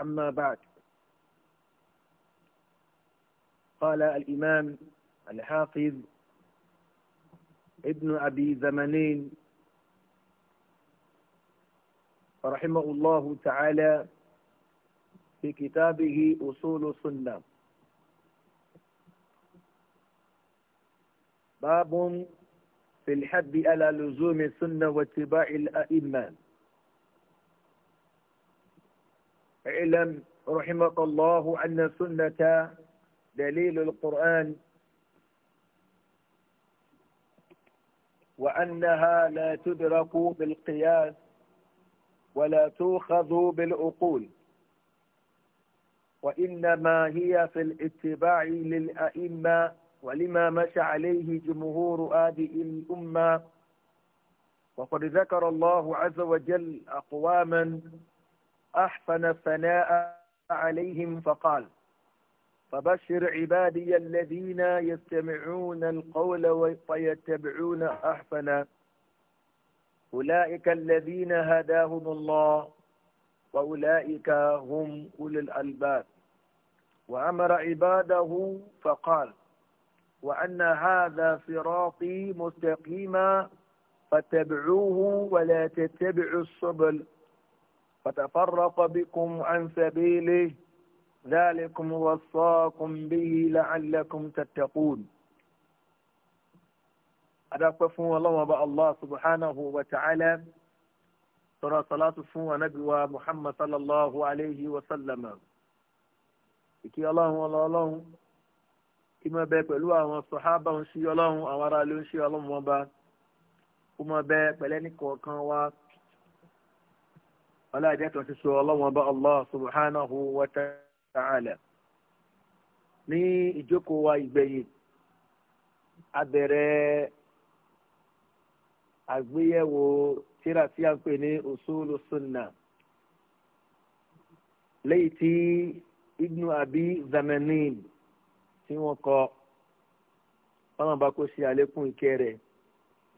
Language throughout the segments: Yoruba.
أما بعد قال الإمام الحافظ ابن أبي زمنين رحمه الله تعالى في كتابه أصول السنة باب في الحد على لزوم السنة واتباع الأئمة اعلم رحمك الله أن سنة دليل القرآن وأنها لا تدرك بالقياس ولا تؤخذ بالعقول وإنما هي في الاتباع للأئمة ولما مشى عليه جمهور هذه الأمة وقد ذكر الله عز وجل أقواما أحسن الثناء عليهم فقال فبشر عبادي الذين يستمعون القول ويتبعون أحسنه أولئك الذين هداهم الله وأولئك هم أولي الألباب وأمر عباده فقال وأن هذا صراطي مستقيما فاتبعوه ولا تتبعوا السبل فتفرق بكم عن سبيله ذلكم وصاكم به لعلكم تتقون أدعوك الله وبا الله سبحانه وتعالى ترى صلاة فون نبي محمد صلى الله عليه وسلم إكي الله والله الله كما بيك بلوا والصحابة ونشي الله وعلى الله الله وبا كما بيك بلاني كوكان وكوكان ọláàjẹ́ tó ti sọ ọlọ́wọ́n bá allah subhanahu wa ta'ala ní ìjókòó wa ìgbẹ̀yìn a bẹ̀rẹ̀ àgbéyẹ̀wò tíra tí a ń pè ní usulu sunna léyìí tí ibnu abi zamanin tí wọ́n kọ ọlọ́run bá kó ṣe àlékún ìkẹ́ rẹ̀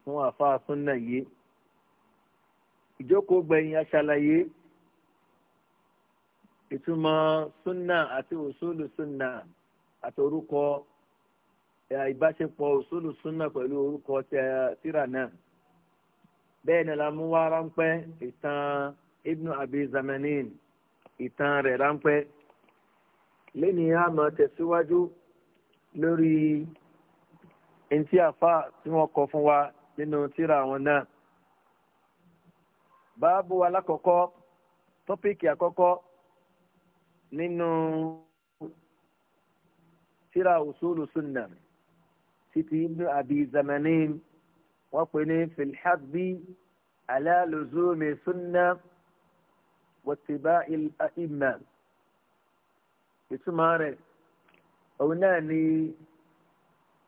fún àfa sunna yìí ìjókòó gbẹ̀yìn aṣàlàyé ìtumọ̀ sunna àti òṣòlù sunna àti orúkọ ìbáṣepọ̀ òṣòlù sunna pẹ̀lú orúkọ tíra náà bẹ́ẹ̀ ni la mú wá ráńpẹ́ ìtàn ibnu abi zamanin ìtàn rẹ̀ ráńpẹ́ lẹ́ni a máa tẹ̀síwájú lórí ntí àfa tí wọ́n kọ fún wa nínú tíra wọn náà báàbù alákọ̀ọ́kọ́ tọ́píìkì àkọ́kọ́ nínú tírà usulu sunna títí ibnu abi zamanin wọ́n pè ní filhadbi ala luzumi sunna wàtíbá ìmà ìtumọ̀ rẹ̀ òun náà ni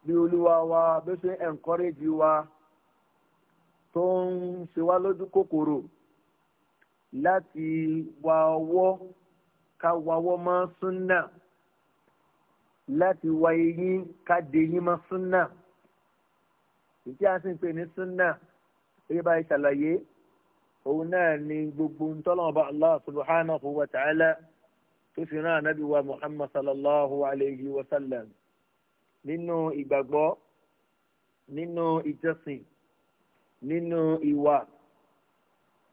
bí olúwa wa bí ó ṣe ń encourage wa tó ń ṣe wá lójú kòkòrò láti wa ọwọ́ ká wa ọwọ́ mọ́ súnà láti wa eyín ká de eyín mọ́ súnà ìdí à ń sìn pé ní súnà gẹ́gẹ́ bá a ṣàlàyé òun náà ni gbogbo ntọ́lọ́mọba allah subhanahu wa ta'ala tó fi rán ànábì wa muhammad sallallahu alayhi wa sallam nínú ìgbàgbọ́ nínú ìjọsìn nínú ìwà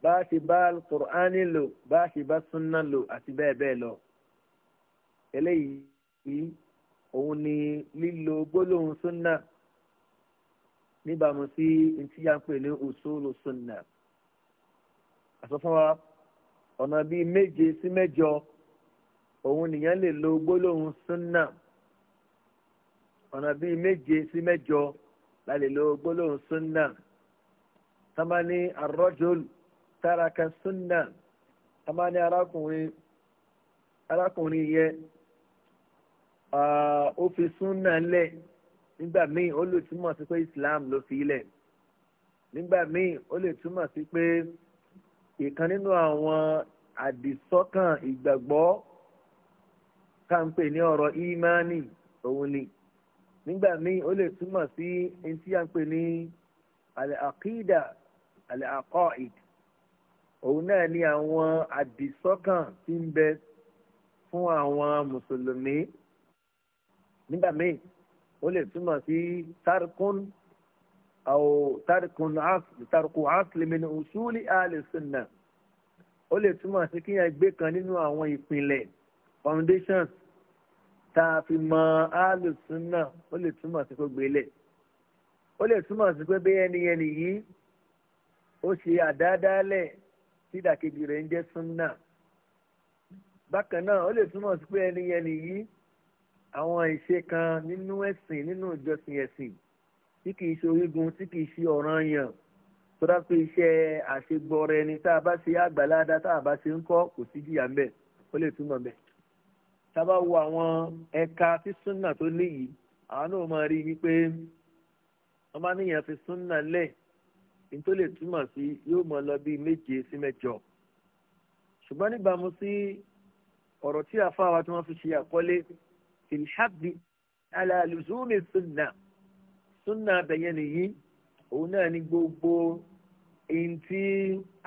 bá a ṣe bá alukur'ani lò bá a ṣe bá sunna lò àti bẹ́ẹ̀ bẹ́ẹ̀ lọ. eléyìí òun ni lílo gbólóhùn sunna níbàámu sí ntí yà ń pè ní usulu sunna. àsọfún wa ọ̀nà bíi méje sí mẹ́jọ òun nìyẹn lè lo gbólóhùn sunna ọ̀nà bíi méje sí mẹ́jọ la lè lo gbólóhùn sunna. sábà ní arọ́jọ́lù tàràkà súnà a máa ní arákùnrin yẹ ó fi súnà lẹ̀ nígbà míì ó lè túmọ̀ sí pé islam ló fi lẹ̀ nígbà míì ó lè túmọ̀ sí pé ìkan nínú àwọn àdìsọ́kàn ìgbàgbọ́ ká ń pè ní ọ̀rọ̀ ìmánì òun ni nígbà míì ó lè túmọ̀ sí ẹni tí a ń pè ní al-aqida al-aqaid òun náà ni àwọn àdìsọ́kàn tí ń bẹ fún àwọn mùsùlùmí nígbà míì ó lè túmọ̀ sí tarkun àwò tarkun tarku aslimin usuli ahli sunna ó lè túmọ̀ sí kíyàn gbé kan nínú àwọn ìpìlẹ̀ foundations tá a fi mọ ahli sunna ó lè túmọ̀ sí kó gbélé ó lè túmọ̀ sí pé bí ẹni ẹni yìí ó ṣe àdáadáa lẹ́ẹ̀ tí ìdàkejì rẹ̀ ń jẹ́ súnà bákan náà ó lè túmọ̀ sí pé ẹni yẹn nìyí àwọn ìṣe kan nínú ẹ̀sìn nínú ìjọsìn ẹ̀sìn tí kìí ṣe orígun tí kìí ṣe ọ̀ranyàn tó dá pé iṣẹ́ àṣegbọrẹ ni tá a bá ṣe àgbàládá tá a bá ṣe ń kọ́ kò sí jìyà ń bẹ̀ ó lè túmọ̀ bẹ̀. tá a bá wo àwọn ẹ̀ka tí súnà tó léyìí àwọn náà máa rí i wípé wọ́n máa níyàn fi súnà lẹ́ẹ̀ nítorí lè túmọ̀ sí yóò mọ lọ bíi méje sí mẹ́jọ ṣùgbọ́n níbàámu sí ọ̀rọ̀ tí àfáwa tí wọ́n fi ṣe àkọlé filhabi alaluzumi sunna sunna abẹ̀yẹn nìyí òun náà ni gbogbo èyí tí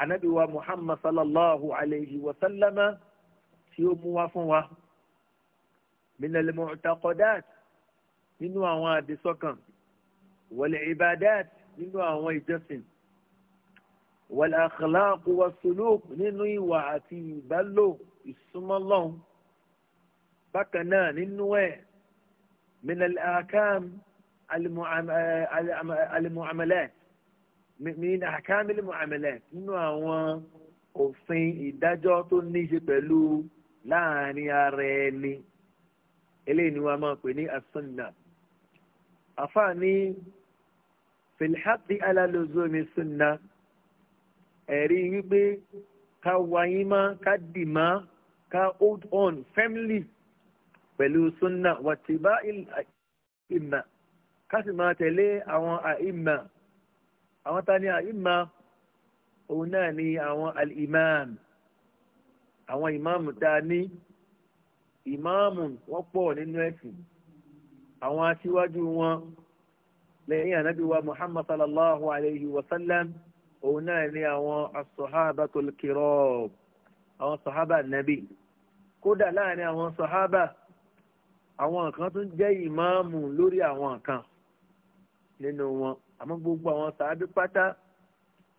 anabiwa muhammad sallallahu alayhi wa sallama tí ó mú wá fún wa minal mu'taqadat nínú àwọn àdìsọ́kàn wal ibadat nínú àwọn ìjọsìn wal akhlaq wa suluk nínú ìwà àti ìbálò ìsúmọ́lọ́hún bákan náà nínú ẹ̀ min al ahkam al muamalat min ahkam al muamalat nínú àwọn òfin ìdájọ́ tó ní í ṣe pẹ̀lú láàrin ara ẹni eléyìí ni wọ́n máa pè ní as-sunnah àfáà filhabi alalozomi sunna ẹ̀rí wípé ká wáyé má ká dì má ká hold on firmly pẹ̀lú sunna wàtíbá ìmà ká sì máa tẹ̀lé àwọn àìmà àwọn ta ni àìmà òun náà ni àwọn al àwọn ìmáàmù tá a ìmáàmù wọ́n pọ̀ nínú ẹ̀sìn àwọn aṣíwájú wọn lẹ́yìn ànábì wa muhammad sallallahu alayhi wa sallam òun náà ní àwọn asọ̀hábà tó kérò àwọn sọ̀hábà nàbì kódà láàrin àwọn sọ̀hábà àwọn kan tún jẹ́ ìmáàmù lórí àwọn kan nínú wọn àmọ́ gbogbo àwọn sàábí pátá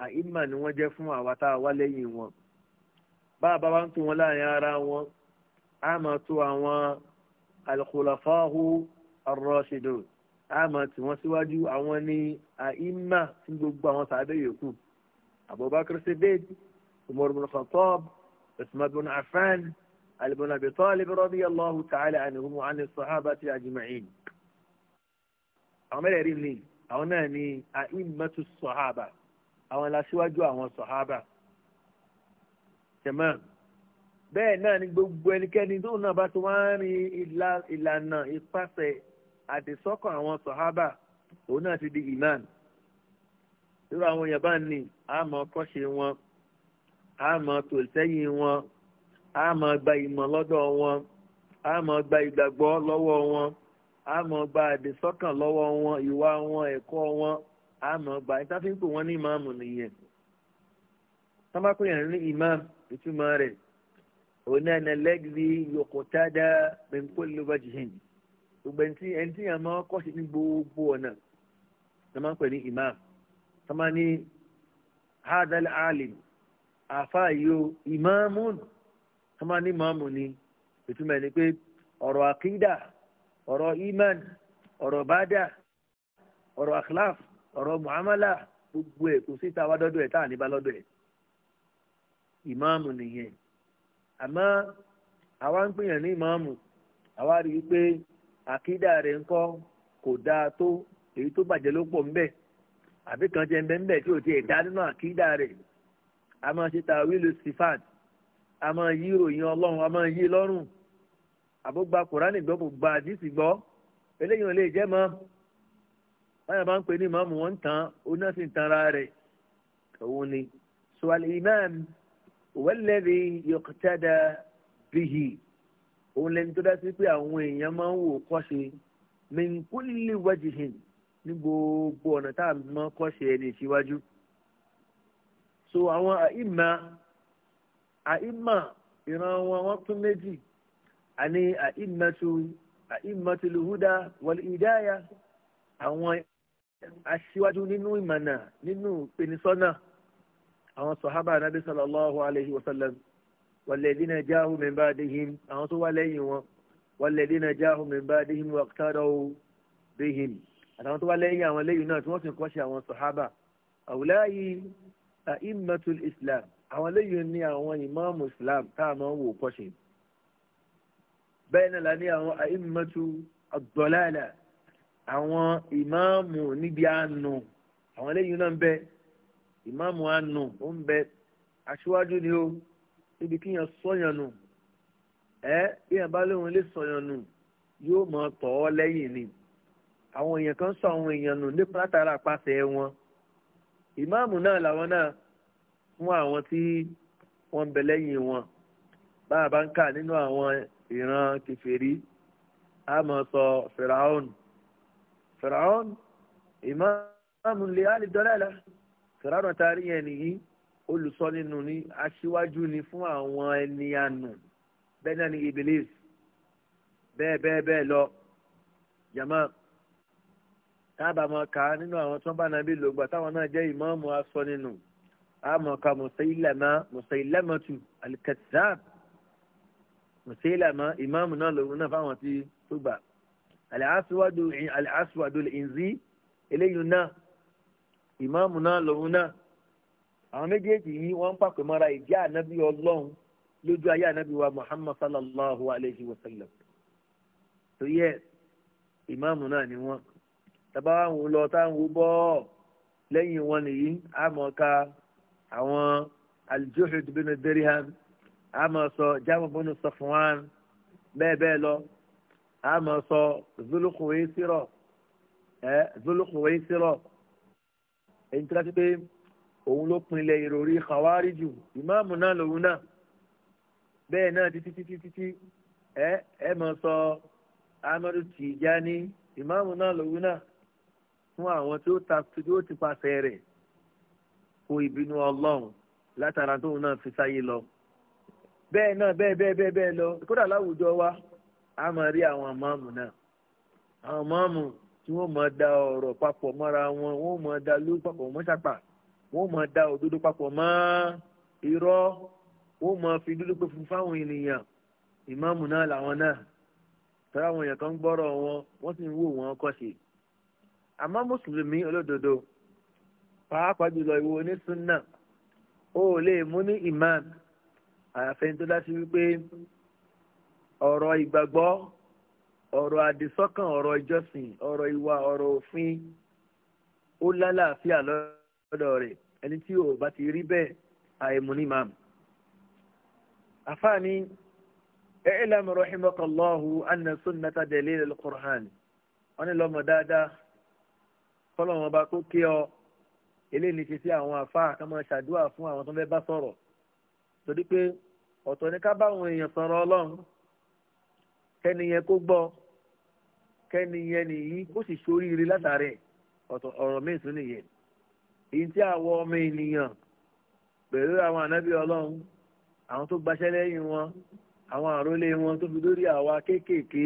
àìmà ni wọ́n jẹ́ fún àwa tá a wá lẹ́yìn wọn bá a bá wá ń tu wọn láàrin ara wọn a máa tu àwọn al-khulafahu àmọ́ tí wọ́n síwájú àwọn ní àìmà tí gbogbo àwọn sàbẹ̀ yòókù abubakar siddiq umar bin khattab usman bin affan ali bin abi talib radiyallahu ta'ala anhum wa ani sahabati ajma'in. àwọn mẹ́rẹ̀ẹ̀rin ni àwọn náà ní àìmàtu sọ̀hábà àwọn lásìwájú àwọn sọ̀hábà jẹ̀mọ́ bẹ́ẹ̀ náà ni gbogbo ẹnikẹ́ni tó náà bá ti wá ń rin ìlànà ìpàṣẹ àdìsọ́kàn àwọn sọ̀hábà òun náà ti di iman irú àwọn èèyàn bá ní àmọ́ kọ́ṣe wọn àmọ́ tòlítẹ́yìn wọn àmọ́ gba ìmọ̀ lọ́dọ̀ wọn àmọ́ gba ìgbàgbọ́ lọ́wọ́ wọn àmọ́ gba àdìsọ́kàn lọ́wọ́ wọn ìwà wọn ẹ̀kọ́ wọn àmọ́ gba wọn ní ìmáàmù nìyẹn ní ìmáàmù ìtumọ̀ rẹ̀ òun náà ní yòókù tá a dá gbogbo ẹni tí ẹni tí yàn máa kọ́ sí ní gbogbo ọ̀nà ló máa ń pè ní imam tó máa ní hadal alim àfa yìí o imamun tó máa ní imamu ni ìtumọ̀ ẹni pé ọ̀rọ̀ akida ọ̀rọ̀ iman ọ̀rọ̀ bada ọ̀rọ̀ akhlaf ọ̀rọ̀ muamala gbogbo ẹ̀ kò síta wá dọ́dọ̀ ẹ̀ tá à ní bá lọ́dọ̀ ẹ̀ ìmáàmù nìyẹn àmọ́ àwa ń pèèyàn ní ìmáàmù àwa rí i pé àkídà rẹ̀ ńkọ́ kò dáa tó èyí tó bàjẹ́ ló pọ̀ ńbẹ̀ àbí kan jẹ́ ńbẹ́ ńbẹ́ tí ò ti ẹ̀dá nínú àkídà rẹ̀ a máa ṣe ta wílò sifat a máa yí ròyìn ọlọ́run a máa yí lọ́rùn àbúgba kùránì gbọ́ kò gba àdìsí gbọ́ eléyìí ò lè jẹ́ mọ́ báyọ̀ bá ń pè ní ìmáàmù wọn ń tan oná sì ń tanra rẹ̀ òun ni sùwàlì imáàmù wal ladhi yuqtada òun lẹni tó dá sí pé àwọn èèyàn máa ń wò kọ́ṣe mẹ́ńkúlì wájìhìn ní gbogbo ọ̀nà tá a mọ kọ́ṣe ẹni ìṣíwájú. so àwọn àìmà àìmà ìran wọn wọn tún méjì àní àìmàtú àìmàtúlùhúdà wọlé ìdáyà àwọn aṣíwájú nínú ìmọ̀nà nínú ìpènisọ́nà àwọn sọ̀hábà nàbí sallallahu alayhi wa sallam wàlẹ́dínà jáhùn min ba'dihim àwọn tó wá lẹ́yìn wọn wàlẹ́dínà jáhùn min ba'dihim waqtadaw bihim àtàwọn tó wá lẹ́yìn àwọn lẹ́yìn náà tí wọ́n sì kọ́ sí àwọn sàhábà àwùláyé àìmọ̀tul islam àwọn lẹ́yìn ní àwọn ìmáàmù islam tá a máa ń wò kọ́ṣe bẹ́ẹ̀ náà la ní àwọn àìmọ̀tu ad-dalala àwọn ìmáàmù níbi àánú àwọn lẹ́yìn náà ń bẹ ìmáàmù àánú ó ń bẹ aṣíwájú ni ó níbi kí yẹn sọyàn nù ẹ bí yẹn bá lóun lè sọyàn nù yóò mọ tọ ọ lẹ́yìn ni àwọn èèyàn kan sọ àwọn èèyàn nù nípa látara pàṣẹ wọn ìmáàmù náà làwọn náà fún àwọn tí wọn ń bẹ lẹ́yìn wọn bá ń kà nínú àwọn ìran kèfèrí a mọ sọ ìmáàmù lè á lè dọ́là la fìràhón taari yẹn nìyí olùsọ nínú ni aṣíwájú ni fún àwọn ẹni ànú bẹ́ẹ̀ náà ni ibilis bẹ́ẹ̀ bẹ́ẹ̀ bẹ́ẹ̀ lọ jama tábà máa kà á nínú àwọn tó ń bá nàbí lògbà táwọn náà jẹ́ ìmáàmù aṣọ nínú àmọ́ ka Musailama Musailamatu al-Kazzab Musailama ìmáàmù náà lòun náà fáwọn tí tó gbà al-Aswadu al-Aswadu al eléyìí náà ìmáàmù náà lòun náà. àwọn méjèèjì yìí wọ́n ń pàpè mọ́ra ìjẹ́ ànábì ọlọ́run lójú ayé ànábì wa muhammad sallallahu alayhi wa sallam tó yẹ ìmáàmù náà ni wọ́n tàbá wọn lọ táwọn bọ́ lẹ́yìn wọn nìyí àmọ́ka àwọn aljuhud bin dirham àmọ́ sọ jamu bin safwan bẹ́ẹ̀ lọ àmọ́ zulukuwe zulukuwe òun ló pinlẹ̀ ìròrí kàwáríjù ìmáàmù náà lòun náà bẹ́ẹ̀ náà títí títí títí ẹ ẹ mọ̀ sọ amadu tìjáni ìmáàmù náà lòun náà fún àwọn tí ó ta tí ó ti pàṣẹ rẹ̀ kó ìbínú ọlọ́run látara tóun náà fi sáyé lọ bẹ́ẹ̀ náà bẹ́ẹ̀ bẹ́ẹ̀ bẹ́ẹ̀ bẹ́ẹ̀ lọ kódà láwùjọ wa a máa rí àwọn ìmáàmù náà àwọn ìmáàmù tí wọ́n máa da ọ̀rọ̀ papọ̀ mọ́ra wọn wọ́n máa da lú papọ̀ mọ́ṣápà wọ́n máa da òdodo papọ̀ mọ́ irọ́ wọ́n máa fi dúdú pé fún fáwọn ènìyàn ìmáàmù náà làwọn náà tọ́lá àwọn èèyàn kan ń gbọ́rọ̀ wọn wọ́n sì ń wò wọ́n kọ́sì àmọ́ mùsùlùmí olódodo pàápàá jùlọ ìwọ onísùnnà ó lè mú ní imam àyàfẹ́ tó dáṣí wípé ọ̀rọ̀ ìgbàgbọ́ ọ̀rọ̀ àdìsọ́kàn ọ̀rọ̀ ìjọsìn ọ̀rọ̀ ìwà ọ̀rọ̀ òfin ó lálàáfíà lọ́wọ́ lọ́dọ̀ rẹ̀ ẹni tí ò bá ti rí bẹ́ẹ̀ àìmú ní màmù. àfáàní ẹ̀ẹ́lẹ́m rahimakallahu anna sunnata dalil al-Qur'an wọ́n ní lọ́mọ dáadáa kọ́lọ́wọ́n bá kó kí ọ eléyìí ní ti sí àwọn àfáà kan máa ṣàdúrà fún àwọn tó fẹ́ bá sọ̀rọ̀ torí pé ọ̀tọ̀ ni ká nìyí kó sì ṣoríire látàrí ọ̀rọ̀ míì tún nìyẹn èyí tí àwọn ọmọ ènìyàn pẹ̀lú àwọn ànábì ọlọ́run àwọn tó gbaṣẹ́ lẹ́yìn wọn àwọn àrólé wọn tó fi lórí àwa kéékèèké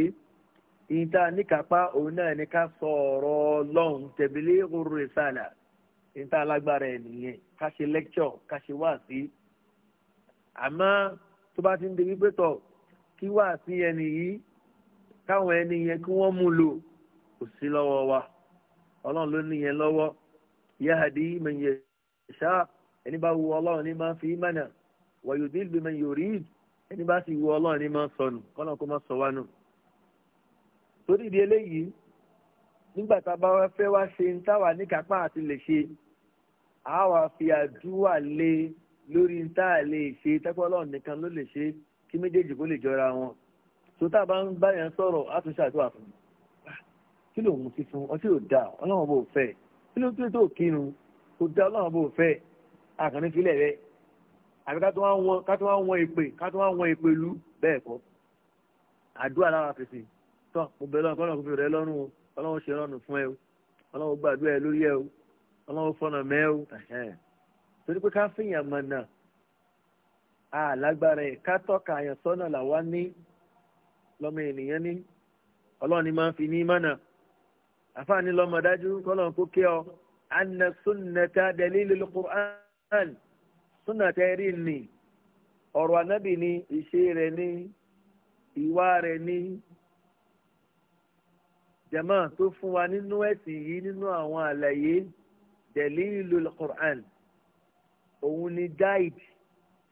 èyí tá a níkàápá òun náà ní ká sọ ọ̀rọ̀ ọlọ́run tẹ̀bílẹ̀ òru ìsàlà èyí tá a lágbára ẹ̀ nìyẹn ká ṣe lẹ́kṣọ̀ ká ṣe wáàsí àmọ́ tó bá ti ń di wípé tọ̀ kí wáàsí ẹni yìí káwọn ẹni yẹn kí wọ́n mú lò kò sí lọ́wọ́ wa ọlọ́run ló ní yẹn lọ́wọ́ yahdi man yasha ẹni bá wu ma fi wa yudil bi man yurid ẹni bá sì wu ọlọ́run ní máa torí ìdí eléyìí nígbà a bá wá fẹ́ wá ṣe ń táwa níkápá àti lè a wá fi àdúrà lé lórí a lè ṣe nìkan ló lè kí méjèèjì jọra wọn sọ̀rọ̀ fún inú tí tó kírun kò dá ọlọ́run bò fẹ́ àkànní filẹ̀ rẹ̀ àbí ká tó wá wọn èpè ká tó wá wọn èpè lú bẹ́ẹ̀ kọ́ àdúrà lára fèsì tó mo bẹ̀ lọ́run kọ́nà kò fi rẹ̀ lọ́rùn o ọlọ́run ṣe rọrùn fún ẹ o ọlọ́run gbàdúrà ẹ lórí ẹ o ọlọ́run fọ̀nà mẹ́ o torí pé ká fìyàn mọ̀ náà àlágbára ẹ̀ ká tọ́ka àyànsọ́nà làwa ní lọ́mọ ènìyàn ní ọlọ́run ni máa ń fi ní mọ́nà àfáàní lọ́mọ dájú kọ́lọ́n kó kí ọ anna sunnata dalilul qur'an sunnata rí ni ọ̀rọ̀ anábì ni ìṣe rẹ̀ ni ìwà rẹ̀ ni jama tó fún wa nínú ẹ̀sìn yìí nínú àwọn àlàyé dalilul qur'an òun ni guide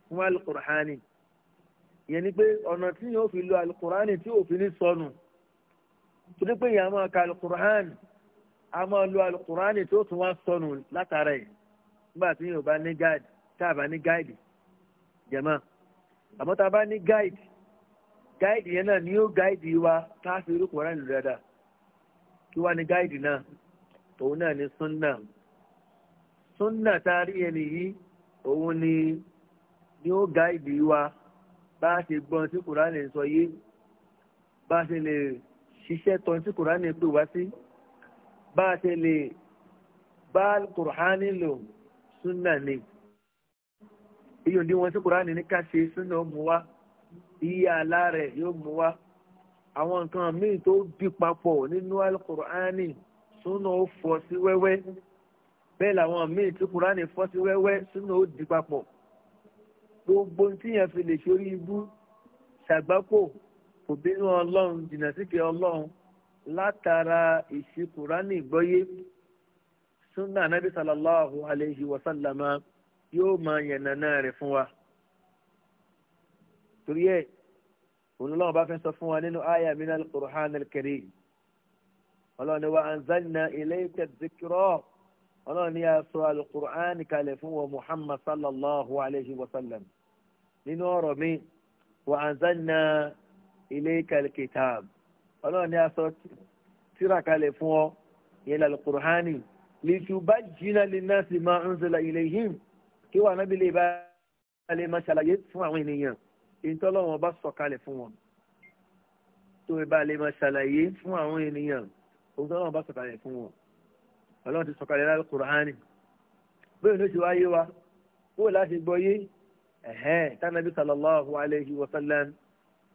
fún alukur'ani yẹn pé ọ̀nà tí yóò fi lo alukur'ani tí òfin ní sọnù. So torí pé ìyá máa ka alukur'an a máa lo alukur'an tó tún wá sọnù látara ẹ̀ nígbà tí yóò bá ní gáàdì tá ní gáàdì jẹ̀mọ́ ni yóò gáàdì wa tá a fi rí kur'an lò dáadáa kí wá ní gáàdì náà ni sunna sunna tá a rí yẹn ni ni gaidi gáàdì wa bá a ṣe gbọ́n sí kur'an lè sọ ṣiṣẹ́ tọ́ tí kùránì pè wá sí bá a ṣe lè bá kùránì lò súnà ni iye òdi wọn tí kùránì ní ká ṣe súnà ó mú wá iye àlá rẹ̀ yóò mú wá àwọn nǹkan míì tó bí papọ̀ nínú alukùránì súnà ó fọ́ sí wẹ́wẹ́ bẹ́ẹ̀ làwọn míì tí kùránì fọ́ sí wẹ́wẹ́ súnà ó di papọ̀ gbogbo tí fi lè ṣorí ibú ṣàgbákò kò bínú ọlọ́run jìnnà síkè ọlọ́run látara ìṣí kùránì gbọ́yé sunna anabi sallallahu alayhi wa sallama yóò máa yànnàná rẹ̀ fún wa torí ẹ̀ olùlọ́wọ́ bá fẹ́ sọ fún wa nínú àyà min al-Qur'an al-Karim ọlọ́ni wa anzalna ilayka dhikra ọlọ́ni a sọ al kalẹ̀ fún wa muhammad sallallahu alayhi wa sallam nínú ọ̀rọ̀ mi wa anzalna ilayka al-kitab ọlọ́run ní aṣọ tíra kalẹ̀ fún ọ yẹn lálẹ́ kùrọ̀hánì litubayyina linnasi ma unzila ilayhim kí wà nábì lè bá lè máa ṣàlàyé fún àwọn ènìyàn ìtọ́lọ́wọ́n bá sọ kalẹ̀ fún wọn tó bá lè máa ṣàlàyé fún àwọn ènìyàn ìtọ́lọ́wọ́n bá sọ kalẹ̀ fún wọn ọlọ́run ti sọ lálẹ́ kùrọ̀hánì bẹ́ẹ̀ ló ti wáyé wa kó láti gbọ́ yé ẹ̀hẹ́n tánàbí sallallahu alayhi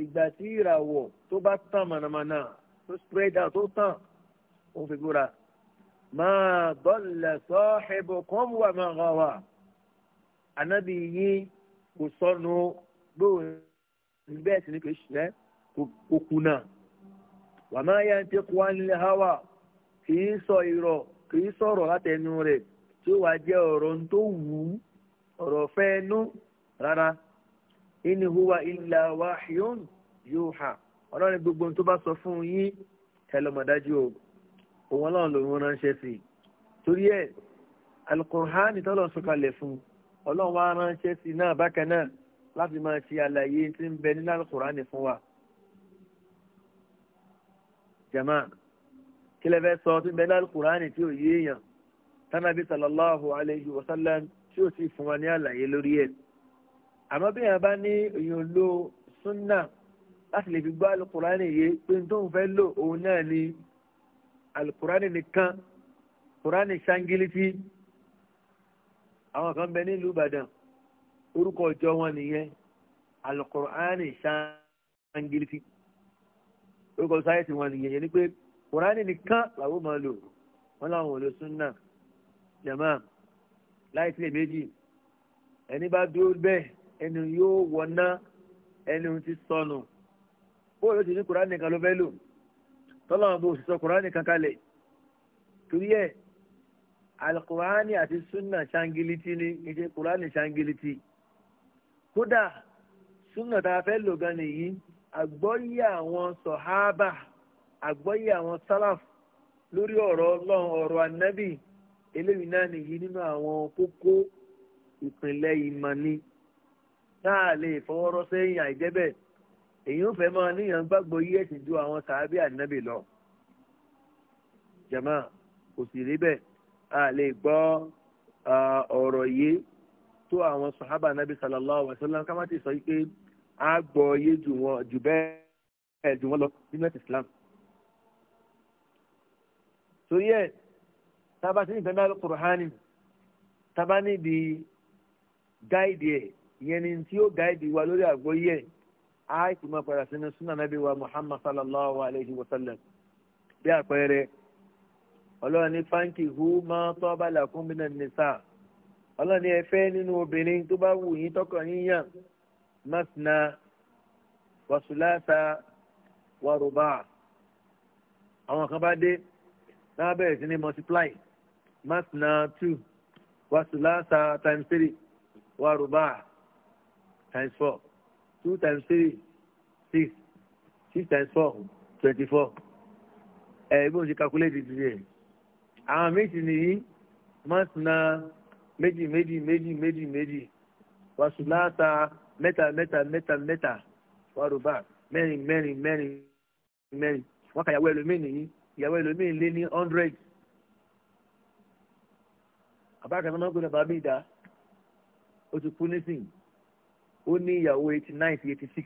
ìgbà tí ìràwọ̀ tó bá tàn mànàmáná tó spread out tó tàn òun fi gbóra máa bọ́lẹ̀ sọ́ọ́hìbò kan wà máa wà wà ànábì yín kò sọnù gbóhùn bẹ́ẹ̀ sì ni kò ṣẹ́ kò kùnà wà máa yá ń tẹ́kù wá nílé hawa kì í sọ ìrọ̀ kì í sọ̀rọ̀ látẹnu rẹ̀ tí ó wàá jẹ́ ọ̀rọ̀ tó wù ú ọ̀rọ̀ fẹ́ẹ́ nú rárá in huwa illa wahyun yuha ọlọ́run gbogbo tó bá sọ fún yín ẹlọmọdájú o òun ọlọ́run lòun ránṣẹ́ sí i torí ẹ alukur'an tọ́lọ̀ sọ̀kalẹ̀ fún ọlọ́run wa ránṣẹ́ sí i náà bákan náà láti máa ṣe àlàyé tí ń bẹ nínú alukur'an fún wa. jama kílẹ̀fẹ́ sọ tí ń bẹ nínú alukur'an tí ò yé èèyàn tánàbí sallallahu alayhi wa tí ò sì fún wa ní àlàyé lórí ẹ̀ àmọ́ bí yàrá bá ní èèyàn lo súnà láti lè fi gbọ́ alukurani yé pé n tó ń fẹ́ lò òun náà ni alukurani nìkan kurani sangiliti àwọn kan bẹ nílùú Ìbàdàn orúkọ ọjọ́ wọn nìyẹn alukurani sangiliti orúkọ sáyẹ́tì wọn nìyẹn yẹn ni pé kurani nìkan làwọn máa lò wọn làwọn ò lo súnà jẹ̀mọ́ láì sílẹ̀ méjì ẹni bá dúró bẹ́ẹ̀ ẹni yóò wọná ẹni tí sọnù bóyá ó ti ní kúránì kan ló fẹ́ lò tọ́lọ́mọ bó sì sọ kúránì kan kalẹ̀ torí ẹ̀ alukurani àti sunna ṣangiliti ni ìṣe kúránì ṣangiliti kódà sunna tá a fẹ́ lò gan nìyí àgbọ́yé àwọn sọ̀hábà àgbọ́yé àwọn sálàf lórí ọ̀rọ̀ ọlọ́run ọ̀rọ̀ ànábì eléyìí náà nìyí nínú àwọn kókó ìpínlẹ̀ ìmọ̀ ni táà lè fọwọ́rọ́ sẹ́yìn àìjẹ́bẹ̀ èyí ò fẹ́ máa níyàn gbàgbọ́ yí ẹ̀sìn ju àwọn sàábì ànábì lọ jama kò sì rí bẹ́ẹ̀ a lè gbọ́ ọ̀rọ̀ yìí tó àwọn sàhábà ànábì sallallahu alaihi wasallam ká ti sọ pé a gbọ́ yé jù wọn jù bẹ́ẹ̀ jù wọn lọ nínú ẹ̀sìn islam torí ẹ̀ tábà sí ìfẹ́ náà Kùránì tábà níbi gáìdì ẹ̀ ìyẹn ni tí ó gáìdì wa lórí àgbóyè àìsí máa padà sínú súnà nàbí wa muhammad sallallahu alayhi wa sallam bí àpẹẹrẹ ọlọ́run ní fáńkì hu máa tọ́ bàlà kún bí náà nìsa ọlọ́run ní ẹ fẹ́ nínú obìnrin tó bá wù yín tọkàn yín yàn masna waruba àwọn kan bá dé náà bẹ̀rẹ̀ sí ní multiply masna two wasulasa times three waruba times four two times three six six times four twenty four ẹ bí mo ṣe calculate ti ṣe àwọn méjì nìyí máa tuna méjì méjì méjì méjì méjì wàsùláta mẹ́ta mẹ́ta mẹ́ta mẹ́ta wàrúbà mẹ́rin mẹ́rin mẹ́rin mẹ́rin wọn kà yàwó ẹlòmíì nìyí ìyàwó ẹlòmíì lé ní hundred àbákan náà máa ń gbé ní bàbá mi dá o ti kú nísìnyí ó ní ìyàwó eighty nine sí eighty six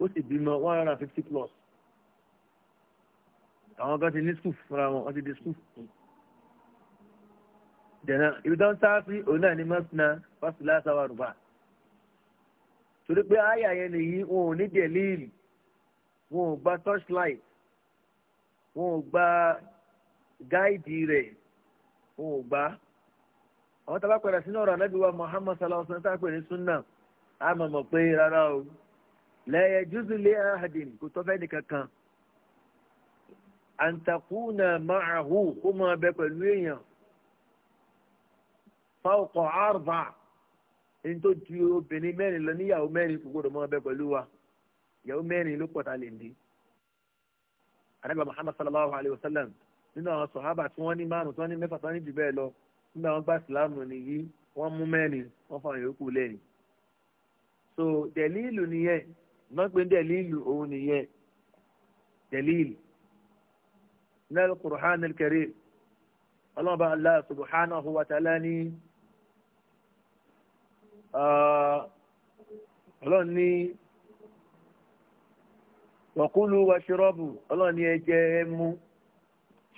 ó sì bímọ one hundred and fifty plus àwọn kan ti ní skul fúnra wọn wọn ti di skul dẹ̀nà uh, ibi tó ń sá sí òun náà ni mọ́tínà fásilá sáwà rúbà torí pé àyà yẹn nìyí wọn ò ní díẹ̀ líìlì wọn ò gba torchlight wọn ò gba gáìdì rẹ̀ wọn ò gbá àwọn tábà padà sínú ọ̀rọ̀ anábìwá Muhammad sallallahu alaihi wasallam tábà pè ní sunnah a mọ̀ mọ̀ pé rárá o lẹ́yẹ júzùlé ahadin kò tọ́ fẹ́ nìkan kan àǹtakùnà máàhù kó máa bẹ pẹ̀lú èèyàn fáwọkọ̀ àrùbà ẹni tó ju obìnrin mẹ́rin lọ níyàwó mẹ́rin kò gbọdọ̀ máa bẹ pẹ̀lú wa ìyàwó mẹ́rin ló pọ̀ta lè dín anábà muhammad sallallahu alayhi wa sallam nínú àwọn sọ̀hábà tí wọ́n ní márùn-ún tí wọ́n ní mẹ́fà tí wọ́n ní jù bẹ́ẹ̀ lọ nígbà wọn gbà sílámù nìyí wọ́n mú mẹ́rin wọ́n fọwọ́n yòókù lẹ́yìn so dẹ̀líìlù nìyẹn wọ́n pe dẹ̀líìlù òun nìyẹn dẹ̀líìlù nílẹ̀ kùrùhán al-karim ọlọ́ba Allah subhanahu wa ta'ala ní ọlọ́run ní wàkúlù wàṣírọ́bù ọlọ́run ní ẹ jẹ ẹ mu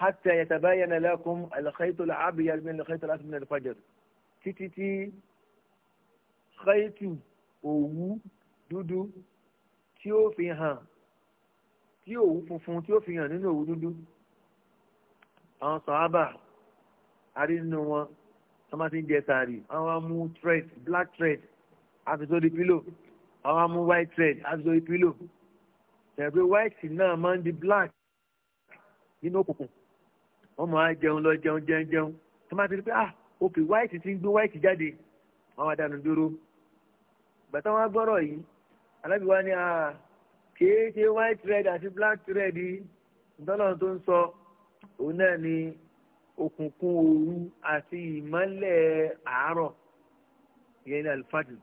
hatta yatabayyana lakum al-khaytu al-abyad min al títí tí khaytu òwú dúdú tí ó fi hàn tí òwú funfun tí ó fi hàn nínú òwú dúdú àwọn sàhábà arí nínú wọn wọ́n máa ti ń jẹ sàárì àwọn amú thread black thread àti sórí pílò àwọn amú white thread àti sórí pílò tẹ̀gbẹ́ white náà máa ń di black nínú òkùnkùn wọ́n máa jẹun lọ jẹun jẹun jẹun wọ́n máa ti rí pé ah ok white ti ń gbé white jáde wọ́n máa dànù dúró gbàtà wọn gbọ́rọ̀ yìí alábì wa ni a kìí ṣe white thread àti black thread ntọ́nà tó ń sọ òun náà ni òkùnkùn òru àti ìmọ́lẹ̀ àárọ̀ ìyẹn ní alifájì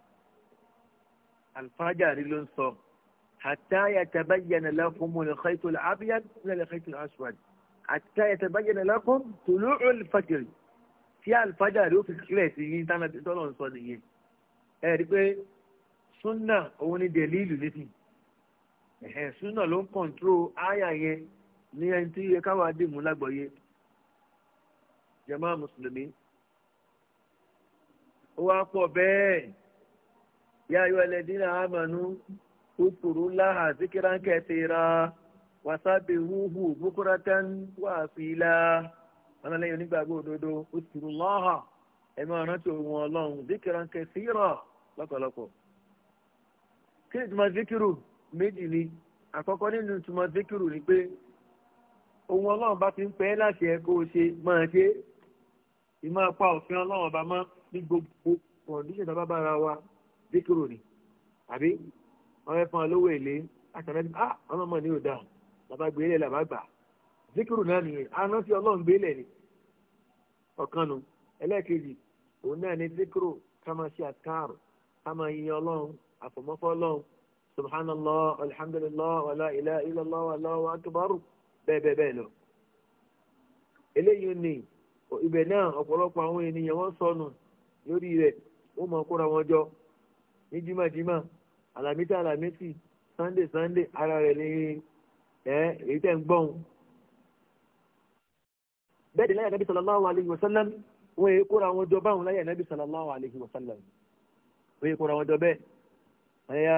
alifájà rí ló ń sọ hatta yatabayyana lakum al-khayt al-abyad min al-khayt al-aswad hatta yatabayyana lakum tulu'u al-fajr tí alifájà rí ó fi kílẹ̀ sí yín tánà tí tọ́lọ̀ sọ nìyẹn ẹ rí pé súnà òun ni dẹ̀líìlù létí ẹ̀hẹ̀n súnà ló ń kọ̀ǹtró áyà yẹn ní ẹni tí yẹ káwa dìmú lágbọ̀ọ́yé jàmá mùsùlùmí ó wá pọ̀ bẹ́ẹ̀ yá ayọ́ ẹlẹ́dínlá àmànú kúkúrú láhà síkíránṣẹ́ ti ra wàsábì húhù búkúrátán wà fìlà wọn lẹ́yìn onígbàgbọ́ òdodo kúkúrú láhà ẹ máa ohun ọlọ́run síkíránṣẹ́ síra lọ́pọ̀lọpọ̀ kí ni tuma zikiru méjì ni àkọ́kọ́ nínú tuma zikiru ni pé ohun ọlọ́run bá ti ń pẹ́ láti ẹ̀ kó o ṣe máa ṣe ìmọ̀ apá òfin ọlọ́run ọba mọ́ ní gbogbo kọ̀ǹdíṣẹ̀ tó bá bára wa zikiru ni àbí wọ́n fẹ́ fún ọ lówó èlé àtàlẹ́ ah ọlọ́mọ ni ò dáa bàbá gbélé làbá gbà zikiru náà nìyẹn aná sí ọlọ́run gbélé ni ọ̀kan nu ẹlẹ́ẹ̀kejì òun náà ni zikiru ká máa ṣe àtàrò ká máa yin ọlọ́run àfọ̀mọ́fọ́ ọlọ́run subhanallah alhamdulillah wàlá ilá ilọ́lá wàlá akíbarú bẹ́ẹ̀ bẹ́ẹ̀ bẹ́ẹ̀ lọ. eléyìí ni ibẹ̀ náà ọ̀pọ̀lọpọ̀ àwọn ènìyàn wọ́n sọnù lórí rẹ̀ wọ́n mọ̀ kóra wọn jọ ní jimajima alamita alamisi sunday sunday ara rẹ̀ ní ẹ̀ èyí tẹ̀ ń gbọ́n bẹ́ẹ̀ dì láyà nàbí sallallahu alayhi wa sallam wọ́n yẹ kóra wọn jọ báwọn láyà nàbí sallallahu alayhi wa sallam wọ́n yẹ kóra wọn jọ bẹ́ẹ̀ ẹ̀yà